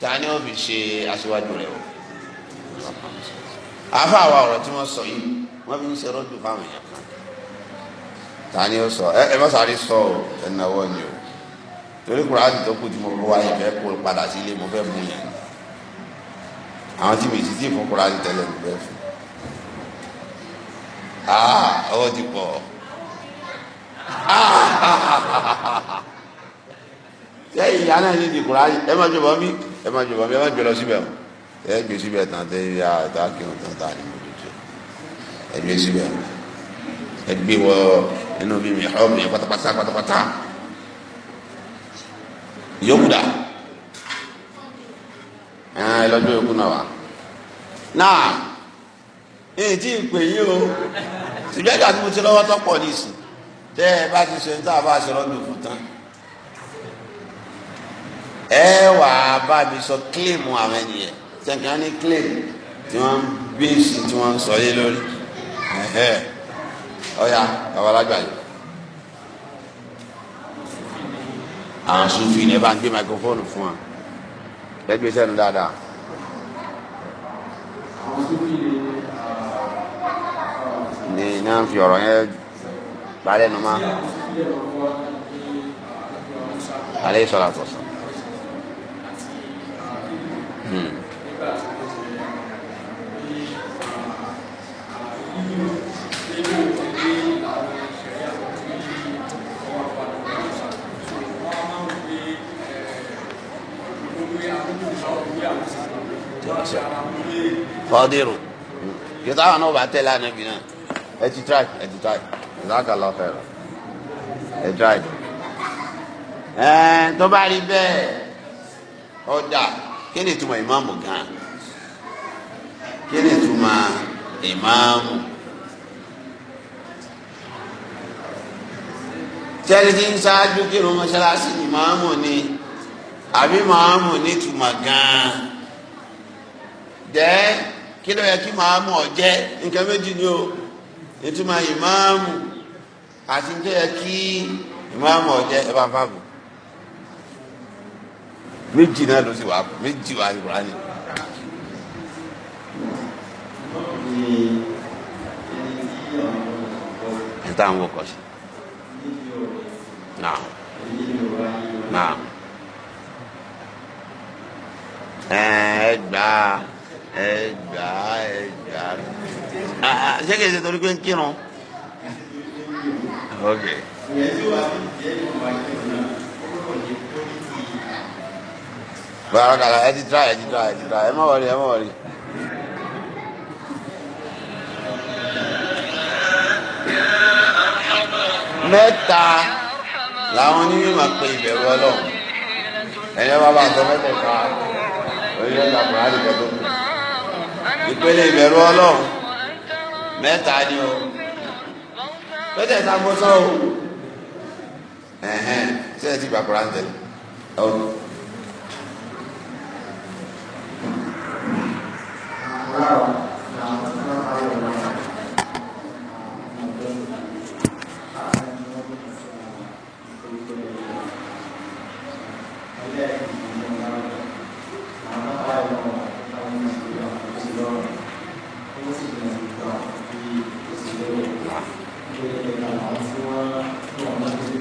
ta ni ó fi ṣe aṣíwájú rẹ̀ o afa àwa ọ̀rọ̀ tí wọ́n sọ yìí wọ́n fi ń ṣe rọ́jò fáwọn èèyàn kan ta ni ó sọ ẹ ẹ bá sáré sọ ọ ẹ ni o torí kùránì tó kù tí mo kó wáyé fẹ́ kó padà sí ilé mo fẹ́ mú yẹn àwọn tí mi ti ti fún kùránì tẹ́lẹ̀ mo fẹ́ fún aa ah, ọwọ́ ti pọ̀ ah, sẹ́yìn ìyá náà ní ti kùránì ẹ má jọba mi ẹ má jọba mi ẹ má jọ lọ síbẹ̀ o ẹ gbé síbẹ̀ tán tẹ́ yá àtàkì ọ̀tàn tá a ní mojú tó ẹ gbé síbẹ̀ ẹ gbé wọ inú bí mi ọ̀ mi pátápátá pátápátá yókù dà ẹ lọ́jọ́ yókù náà wà náà èyí tí ń pè yín o ṣùgbọ́n ìgbà tí mo ti lọ́wọ́ tó pọ̀ nísìn tẹ́ ẹ bá ti ṣe ń tá bá ṣe lọ́dún fún tán ẹ wàá bá mi sọ kílèmù àwọn ẹnìyẹn jẹ̀ǹkan ní claim tí wọ́n bíìsì tí wọ́n sọ yé lórí ọ̀ya bàbá yìí. àwọn sufi ní bá ń gbé microphone fún wa lẹ́gbẹ̀ẹ́ sẹ́nu dáadáa. ní ni ń fi ọ̀rọ̀ yẹn balẹ̀ nu ma alẹ́ sọ̀rọ̀ àtọ̀sán. kọ́dírù yóò táwọn náà bá tẹ̀lé ànábì náà ẹ ti try ẹ ti try ìdákàlọ́ fẹ́ràn ẹ try. ẹ eh, tó bá rí bẹ́ẹ̀ ọ̀dà kí ni ìtumọ̀ ìmáàmù gan kí ni ìtumọ̀ ìmáàmù. tẹ́lifí ń ṣáájú kírun mọ́ṣáláṣí ni màámù ni àbí màámù ní ìtumọ̀ gan-an kí ló yẹ kí màámù ọ̀jẹ́ nǹkan méjì ni o ìtumọ̀ ìmáàmù àti tó yẹ kí ìmáàmù ọ̀jẹ́ ẹ bá fáàmù méjì náà ló sì wà méjì wà ìwúrání. ẹ̀ta ń wọkọ̀ sí. naam naam ẹ̀ẹ́dàá ẹ gbà ẹ gbà ah, ah, ṣé kìí ṣe torí pé ń kírun ok. bára kàlà ẹ ti tra ẹ ti tra ẹ ti tra ẹ má wọlé ẹ má wọlé. mẹ́ta làwọn onímọ̀ pé ìbẹ̀rù ọlọ́run ẹ̀yẹ́ bá bá mẹ́tẹ̀ẹ̀ta orílẹ̀-èdè àpòrá nìkan ìpele ìbẹ̀rù ọlọ́run mẹ́ta ni o mẹ́tẹ̀ẹ̀ta mo sọ o ṣé ẹ ti gbà kúrò àǹtẹ̀ ọ̀run. Wow.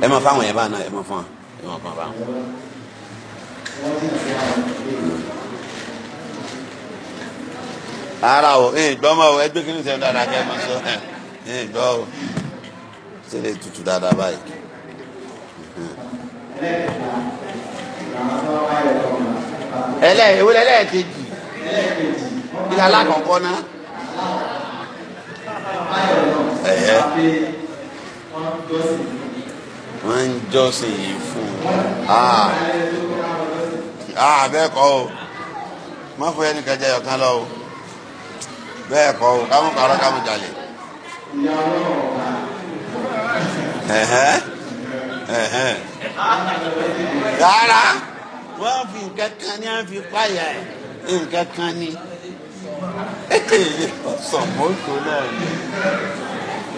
ẹ máa fáwọn yẹn bá náà ẹ máa fún wa ẹ máa fún wa bá wọn. ara o ẹ gbọ́ mọ́ o ẹ gbé kí ni sẹ́yìn dáadáa kẹ́ ẹ máa sọ ẹ gbọ́ o ṣe lè tutù dáadáa báyìí. ẹlẹ́ ìwé lẹ́lẹ́kejì ilé alákọ̀ọ́kọ́ náà. ẹ̀yẹ́ wọ́n ń jọ́sìn yìí fún un. Ah. Ah, bẹ́ẹ̀ kọ́ o má fọ ẹnìkan jẹ́ ọ̀kan lọ o bẹ́ẹ̀ kọ́ o kámú parọ́ kámú jalè. ẹ̀hẹ́n ẹ̀hẹ́n rárá wọ́n fi nǹkan kan ní à ń fi páyà ẹ̀ nǹkan kan ní sọ̀mọ́tò náà ni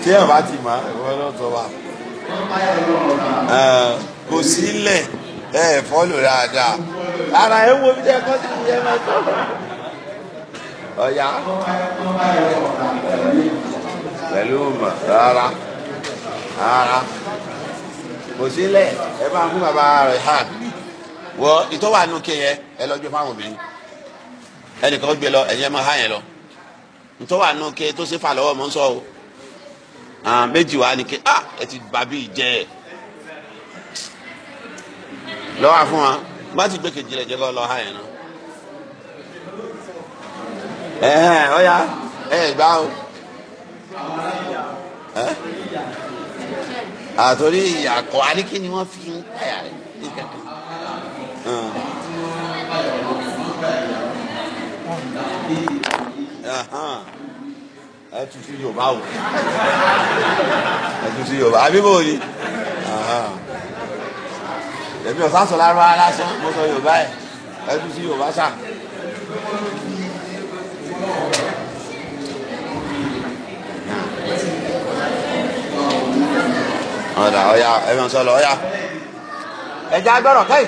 tí ẹ̀ bá ti mọ̀ ẹ̀ wọ́n lọ́tọ̀ wa. Eh, kò sílẹ̀ ẹ eh, fọ́lù dáadáa ara ẹ wo bí ẹ kọ́ sí ìyẹn máa tọ́ ọ̀yà pẹ̀lú mọ̀ rárá rárá kò sílẹ̀ ẹ máa mú bàbá rẹ̀ hàn wọ ìtọ́wà nù kéye ẹ lọ́jọ́ fáwọn obìnrin ẹnìkan gbé lọ ẹ̀yẹ́ máa hàn yẹn lọ ìtọ́wà nù kéye tó ṣe fà lọ́wọ́ mọ́ ń o àwọn ah, méjì wà ní kí ah ẹ ti bàbí jẹ ẹ lọ́wọ́ fún wa bá ti gbé kejì rẹ̀ jẹ́ kọ́ lọ ha yẹn náà. ẹ ẹ ọ̀ya ẹ gbá o. àtòrí ìyàkọ̀ àríkí ni wọ́n fi ń pààyà rẹ̀ nígbà kan ẹ tún sí yorùbá o ẹ tún sí yorùbá àbí bòòyì èmi ọ̀sán sọ lárúbá lásán mo sọ yorùbá ẹ ẹ tún sí yorùbá sà. ọ̀dà ọ̀yà ẹ̀mí ọ̀sán lọ ọ̀yà ẹ̀jẹ̀ agbọ́rọ̀ kẹ́yì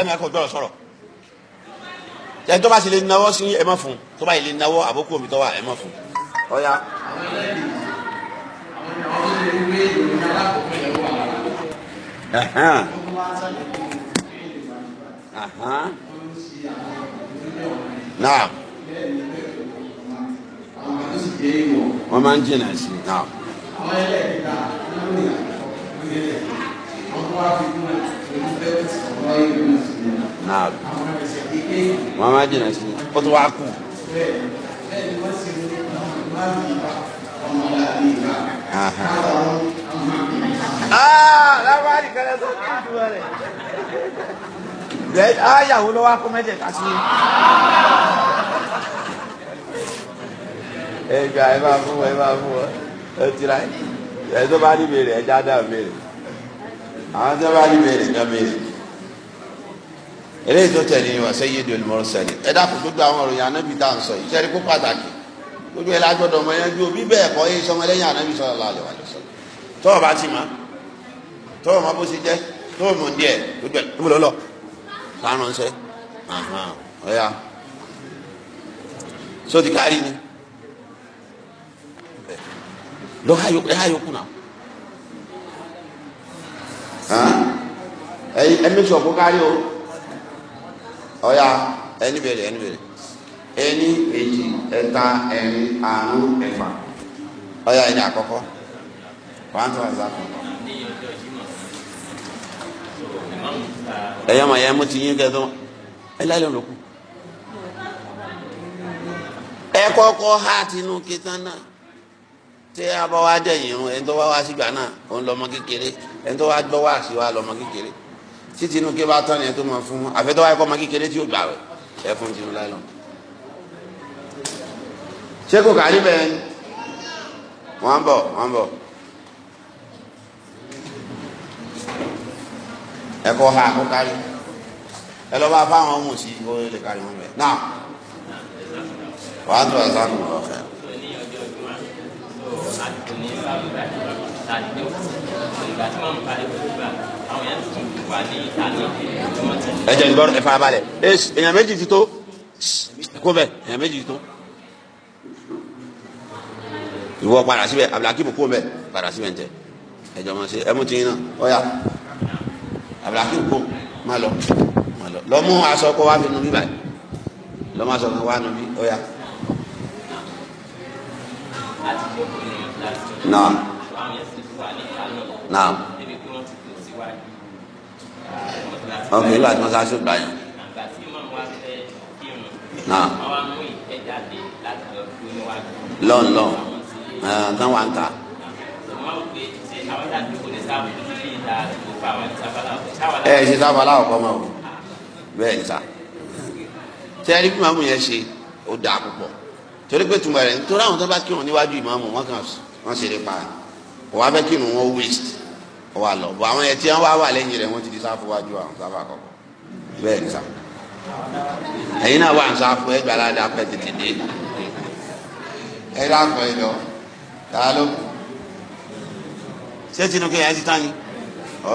ẹ̀mí ẹ̀kọ́ gbọ́rọ̀ sọ̀rọ̀ ẹ̀jọ́ bá sì lè nawọ́ sí ẹ̀mọ́ fún tó bá yìí lè nawọ́ àbókù omi tó wà ẹ̀mọ́ fún ọ̀ya. wọ́n máa ń jìnnà sí i àwọn ẹlẹ́ẹ̀kẹta ló ń rìn àjọ ọ̀gbìn wá fi kún ẹ̀ pẹ̀lú bẹ́ẹ̀ tí ọ̀rọ̀ yìí ló ń sìn náà. wọ́n máa ń jìnnà sí i ó tó wá kù. bẹ́ẹ̀ bẹ́ẹ̀ ni wọ́n ṣe ń Ah, lábàárì kẹlẹ sọ kí n dúró rẹ bẹ́ẹ̀ ayàwó lọ wá kó mẹjẹ ká sí. ẹ gbà ẹ máa fún wọn ẹ máa fún wọn ẹ tira ẹ tó bá ní béèrè ẹ já dá béèrè àwọn tó bá ní béèrè ká béèrè eléyìí tó tẹ̀lé wa sayyidul mursalin ẹ dákun tó gba àwọn òròyìn anábì tá à ń sọ yìí sẹ́ni kó pàtàkì gbogbo ẹ̀ lágbọ́dọ̀ mọ yanjú bí bẹ́ẹ̀ kọ́ yé sọmọ lẹ́yìn ànábì sallallahu alaihi wasallam tọ́ ọba ti ma tọ́ ọmọ bó ṣe jẹ́ tọ́ ọmọ ń díẹ̀ gbogbo ẹ̀ gbogbo lọ́lọ́ lánàáṣẹ́ ọ̀ya sọ́ọ̀tì kárí ni lọ́ọ́ ẹ̀ ayọ̀kù náà ẹ̀ ẹ̀ mẹ́sọ̀ kó kárí o ọ̀ya ẹ̀ níbẹ̀rẹ̀ ẹ̀ níbẹ̀rẹ̀ ẹni èjì ẹ̀ta ẹ̀rin àrún ẹ̀fà ọ̀yà ẹni àkọ́kọ́ one two and three ẹ̀yọ́ màá yẹ mú ti yín kẹ́tọ́ ẹ láyé lọ́nà kù. ẹ kọ́kọ́ há tinú kíntàn náà tí a bá wá dẹ̀yìn irun ẹni tó wá wá sígbà náà òun lọ́mọ kékeré ẹni tó wá gbọ́ wá sí wa lọ́mọ kékeré tí tinú kí bá tán ni ẹ tó mọ̀ fún afẹ́tọ́ wáyé kọ́ ọmọ kékeré tí ó gbà rẹ̀ ẹ fún tinú láyé ṣé kò kárí bẹ́ẹ̀ ni wọ́n ń bọ̀ wọ́n ń bọ̀ ẹ̀kọ́ ha kó kárí ẹ lọ́ bá fáwọn ọmọ sí kó lè kárí wọn bẹ̀ náà wàá tó àṣà nù ọ̀fẹ́. ẹ jẹ́ ìgbọ́rọ̀ ẹ fara balẹ̀ méjì ti tó kó bẹ̀ èèyàn méjì ti tó ìwọ padà síbẹ̀ abdulhakeem kó bẹ̀ padà síbẹ̀ ntẹ ẹjọ ma ṣe ẹmu ti iná ọyà abdulhakeem kó má lọ má lọ lọmú aṣọ kó wá fi nu bí báyìí lọmú aṣọ kan wá nu bí ọyà. naam naam ok ìlú àti mọ́sáàsì gbà yẹn naam lọ́n lọ́n tán wà ń ta. ẹ ṣe sáfàlà ọkọ mọ o bẹ́ẹ̀ ní sa sẹẹri bí màmú yẹn ṣe o dáa púpọ̀ torí pé tùmọ̀ rẹ̀ nítorí àwọn tó bá kírun níwájú ìmáàmù wọn kàn wọn ṣe pa ọ wá fẹ́ kírun wọn waste o wà lọ bọ àwọn yẹn tí wọn wá wà lẹ́yìn rẹ̀ wọn ti di sáfù wájú àwọn sáfù àkọ́kọ́ bẹ́ẹ̀ ní sa ẹ̀yin náà wà ń sáfù ẹgbẹ́ aládàá pẹ́ tètè dé ẹ dákọ̀ ẹ lọ ta ló kù ṣé tinubu yẹn ti tán ni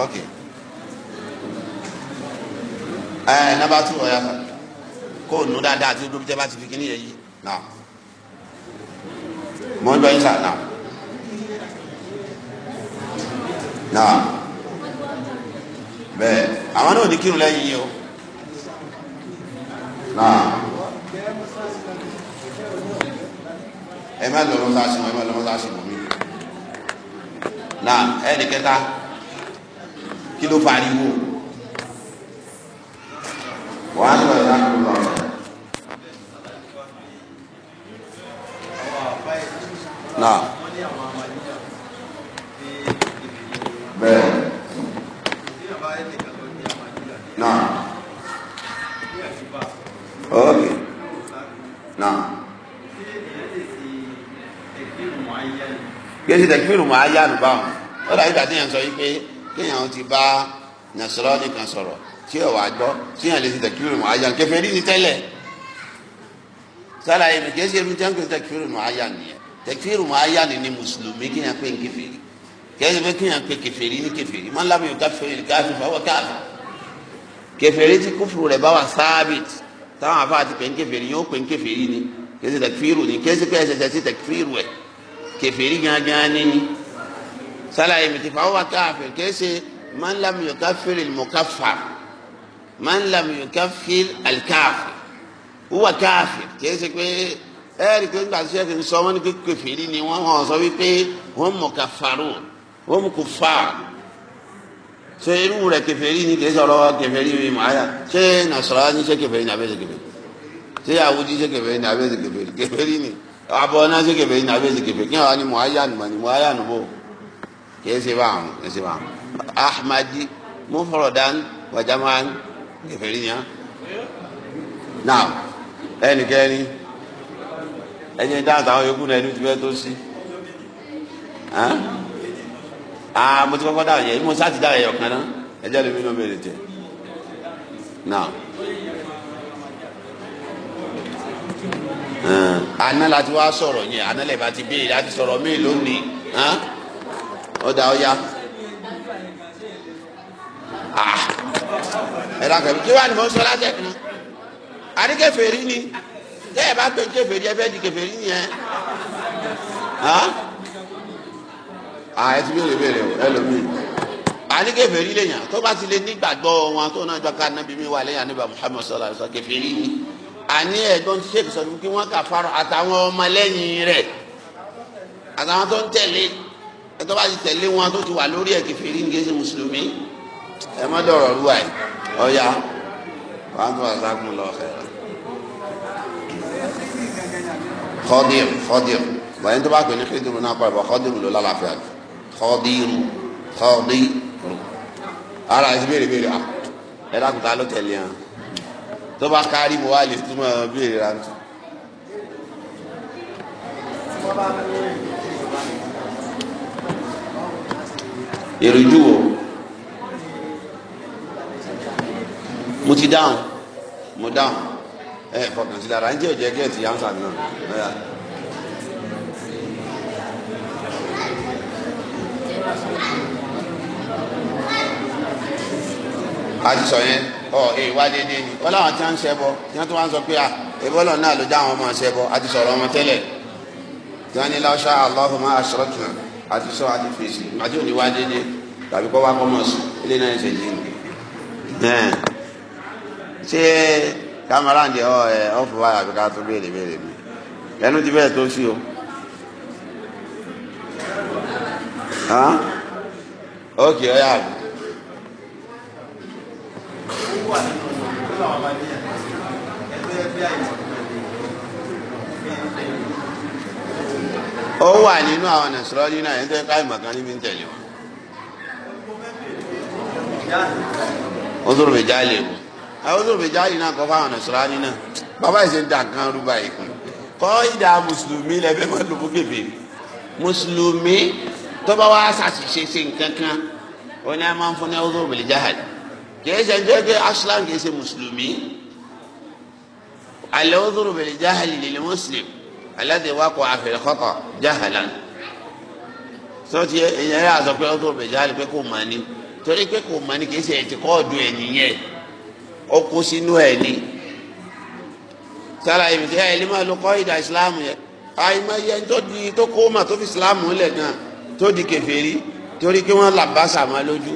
ok ẹ nàbà tù ọ̀yà kan kó nù dáadáa tí olóbi tẹ́ bá ti fi kíní yẹn yí nà mọ̀ ń lọ yín sà nà nà bẹ́ẹ̀ àwọn náà ò ní kírun lẹ́yìn yìí o nà. ẹ má lọ mọ́sáàsì wọn ẹ má lọ mọ́sáàsì wọn mi. náà ẹnì kẹta kí ló pariwo wàá ní ọ̀rẹ́ náà kúrò lọ́wọ́. náà. kéṣe tẹkifíìrù máa yá àlùbá wọn ó dàbí ìgbà téèyàn sọ yìí pé kéèyàn ti bá nàṣọrọ nìkan sọ̀rọ̀ tí ò wá gbọ́ téèyàn lè ṣe tẹkifíìrù máa yá kèfèrí ni tẹ́lẹ̀ sálàyé mi kéṣe mi jẹ́ ń pè tẹkifíìrù máa yá nìyẹn tẹkifíìrù máa yá ni ni mùsùlùmí kéèyàn pé ń kèfèrí kéèyàn pé kéèyàn pé kèfèrí ní kèfèrí mọ́ lábẹ́ yóò káfíìrì káfíìrì fáwọ́ káfíìrì kèfèrí tí kúfùrù rẹ̀ kẹfẹ́rí gangan níní sálàyé mi ti fà wá káfẹ́ kẹsẹ̀ man lam yukafir al-mukaffar man lam yukafir al-kafir wúwa káfẹ́ kẹsẹ̀ pé ẹ̀rí pé nígbà tí ẹ̀kìn sọ wọ́n ní pé kẹfẹ́rí ni wọ́n wọ́n sọ wípé wọ́n mukaffarun wọ́n mukuffar ṣe irú rẹ̀ kẹfẹ́rí ni kẹsẹ̀ ọ̀rọ̀ kẹfẹ́rí mi mọ̀ ayà ṣé nasarani ṣe kẹfẹ́rí ni abẹ́sẹ̀ kẹfẹ́rí ṣé yahudi ṣe kẹfẹ́rí ni abẹ́sẹ̀ kẹfẹ́rí kẹfẹ́rí ni abọ náà ṣe kẹfẹ ní abẹ ṣe kẹfẹ kí wọn ni muhayyanu mọ ni muhayyanu bo kì í ṣe báwọn kì í ṣe báwọn ahmadi mufrodan wajaman kẹfẹ ní ya náà ẹnikẹ́ni ẹni dáhùn táwọn yòókù náà ẹni tí bẹ́ẹ̀ tó sí ah mo ti kọ́kọ́ dáhùn yẹn mo sá ti na, yẹn ọ̀kan náà ẹjẹ́ lómi ló bèrè tẹ̀ náà. Ah. àná láti wá sọ̀rọ̀ yẹn àná lè bá ti béèrè láti sọ̀rọ̀ mí lónìí ah. ọ̀dà ọ̀ya ah. ẹ dàgbẹ́ kí wàá ni mo ń sọ láti ẹ̀kún àní kèfèrí ni tẹ́ ẹ bá gbé kèfèrí ẹ fẹ́ di kèfèrí yẹn à ẹ ti béèrè béèrè o ẹ lómi àní kèfèrí lèyàn tó bá ti lè nígbàgbọ́ wọn tó náà jọ ká nábì mi wà lẹ́yìn àníbà Muhammad sallallahu alaihi wasallam kèfèrí ni àní ẹ̀gbọ́n tí sèkì sọ̀rọ̀ kí wọ́n kà fara àtàwọn ọmọlẹ́yìn rẹ̀ àtàwọn tó ń tẹ̀lé ẹ̀tọ́ bá ti tẹ̀lé wọn tó ti wà lórí ẹ̀ kèfèrí ní kéṣe mùsùlùmí ẹ má dọ̀rọ̀ rú àyè ọ̀ya wàá tó àzákùn lọ ọ̀fẹ́ rẹ̀ kọ́dìrù kọ́dìrù bàyẹn tó bá pè ní kẹ́dìrù náà pàrọ̀ kọ́dìrù ló lálàáfíà kọ́dìrù kọ́dìrù ara ẹ̀ ti béèrè béèrè ah, ẹ̀ ló tẹ̀lé hàn tó bá kárí mo wá lè túmọ̀ béèrè rántí. èròjú wo mo ti dáhùn mo dáhùn ẹ fọkàn sí dára ń jẹ́ òjẹ́ gẹ́ẹ̀tì yánsa náà. Thank you. a ti sọ yẹn ọ ee ni tí wọn ń tí wọ́n tún wọn sọ pé náà ló dá ọmọ a ti sọ̀rọ̀ tẹ́lẹ̀ tí wọ́n ní láṣà aláhùnmá a ti sọ a fèsì àti tàbí kọ́ wá kọ́ mọ̀ ilé náà ṣe ṣé kámẹ́rà ń ọ ẹ wa àbíká tó béèrè béèrè mi ẹnu ti bẹ́ẹ̀ tó sí o. ó wà nínú tó làwọn bá ní ẹgbẹ́ ẹgbẹ́ àìmọ̀ ó wà nínú àwọn nàìjíríà nínú àyẹ̀ ń tẹ́ ká ìmọ̀ kan níbi ń tẹ̀lé wọn. ó sọ̀rọ̀ bẹ̀ já lè wò àwọn sọ̀rọ̀ bẹ̀ já lè náà kọ́ fáwọn nàìjíríà nínú bàbá yìí ṣe ń da kan rúbà yìí kún kọ́ ìdá mùsùlùmí lẹ́fẹ́ máa lò mùsùlùmí tó bá wá ṣàṣìṣe ṣe nǹkan kan ó ní a máa ń fún ní ọdún òbílẹ̀ jáde kìí ṣe jẹ́ pé aslam kìí ṣe mùsùlùmí alẹ́ ó dúró bẹ̀rẹ̀ jáhàlì lè mùsùlùm alẹ́ wà kọ́ àfẹ́rẹ́ kọ́kọ́ jáhàlà sọ́tí ẹ̀yìn rẹ̀ àzọ pé ó dúró bẹ̀rẹ̀ jáhàlì pé kò mà ní torí pé kò mà ní kìí ṣe ẹ̀tì kọ́ ọ̀dùn ẹ̀yìn yẹn ó kó sínú ẹ̀ ní sára ibi tí ẹ̀ lè máa lo kọ́ ìdá islam di tó kó mà tó fi islam lẹ̀ gan tó di kèfèrí torí pé wọ́n làbásà máa lójú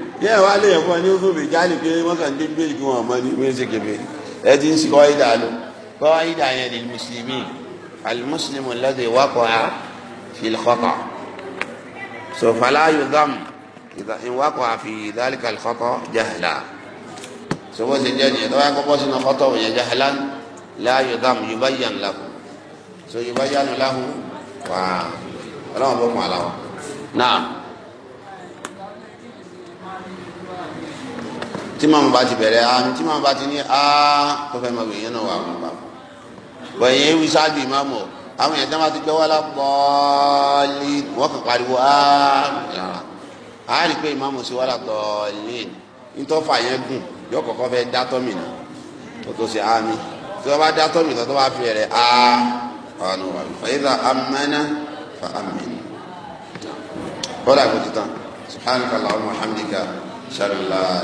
yẹ wá lè fún ọ ní fún mi jáde pé wọn kàn dé gbé ìgbìmọ̀ ọmọ ní wọn ṣe kébé ẹ ti ń sọ ìdá lọ kọ́ìdà yẹn lè mùsùlùmí alimuslimu alladhi waqa'a fil khata so fala yudham in waqa'a fi dhalika al khata jahla so bó ṣe jẹ́ nìyẹn tó bá kọ́kọ́ sínú khata wọ̀nyẹ lahu so yubayyanu lahu wàá ọlọ́run bó kún àlàó náà. tí màmú bá ti bẹ̀rẹ̀ àmì tí màmú bá ti ní á tó fẹ́ mọ̀ wíyẹn náà wà wọ́n bá fún un bọ̀ èyí wí ṣáájú ìmáàmù àwọn èèyàn tí wọ́n ti gbé wá lápọ̀ọ́lì wọ́n kàn pariwo á yàrá á rí i pé ìmáàmù sí wá lápọ̀ọ́lì nítọ́fà yẹn gùn yóò kọ́kọ́ fẹ́ dá tọ́mì náà tó tó ṣe àmì tí wọ́n bá dá tọ́mì tó tó bá fi rẹ̀ á ọ̀nà wà fún un fa amana fa amina. bọ́dà kò ti tán subhanaka allahumma hamdika. الله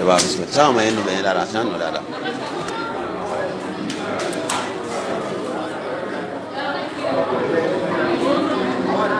ẹ bá bisimilá sáwọn ọmọ yẹn nù bẹ yẹn dára sáwọn nù dára.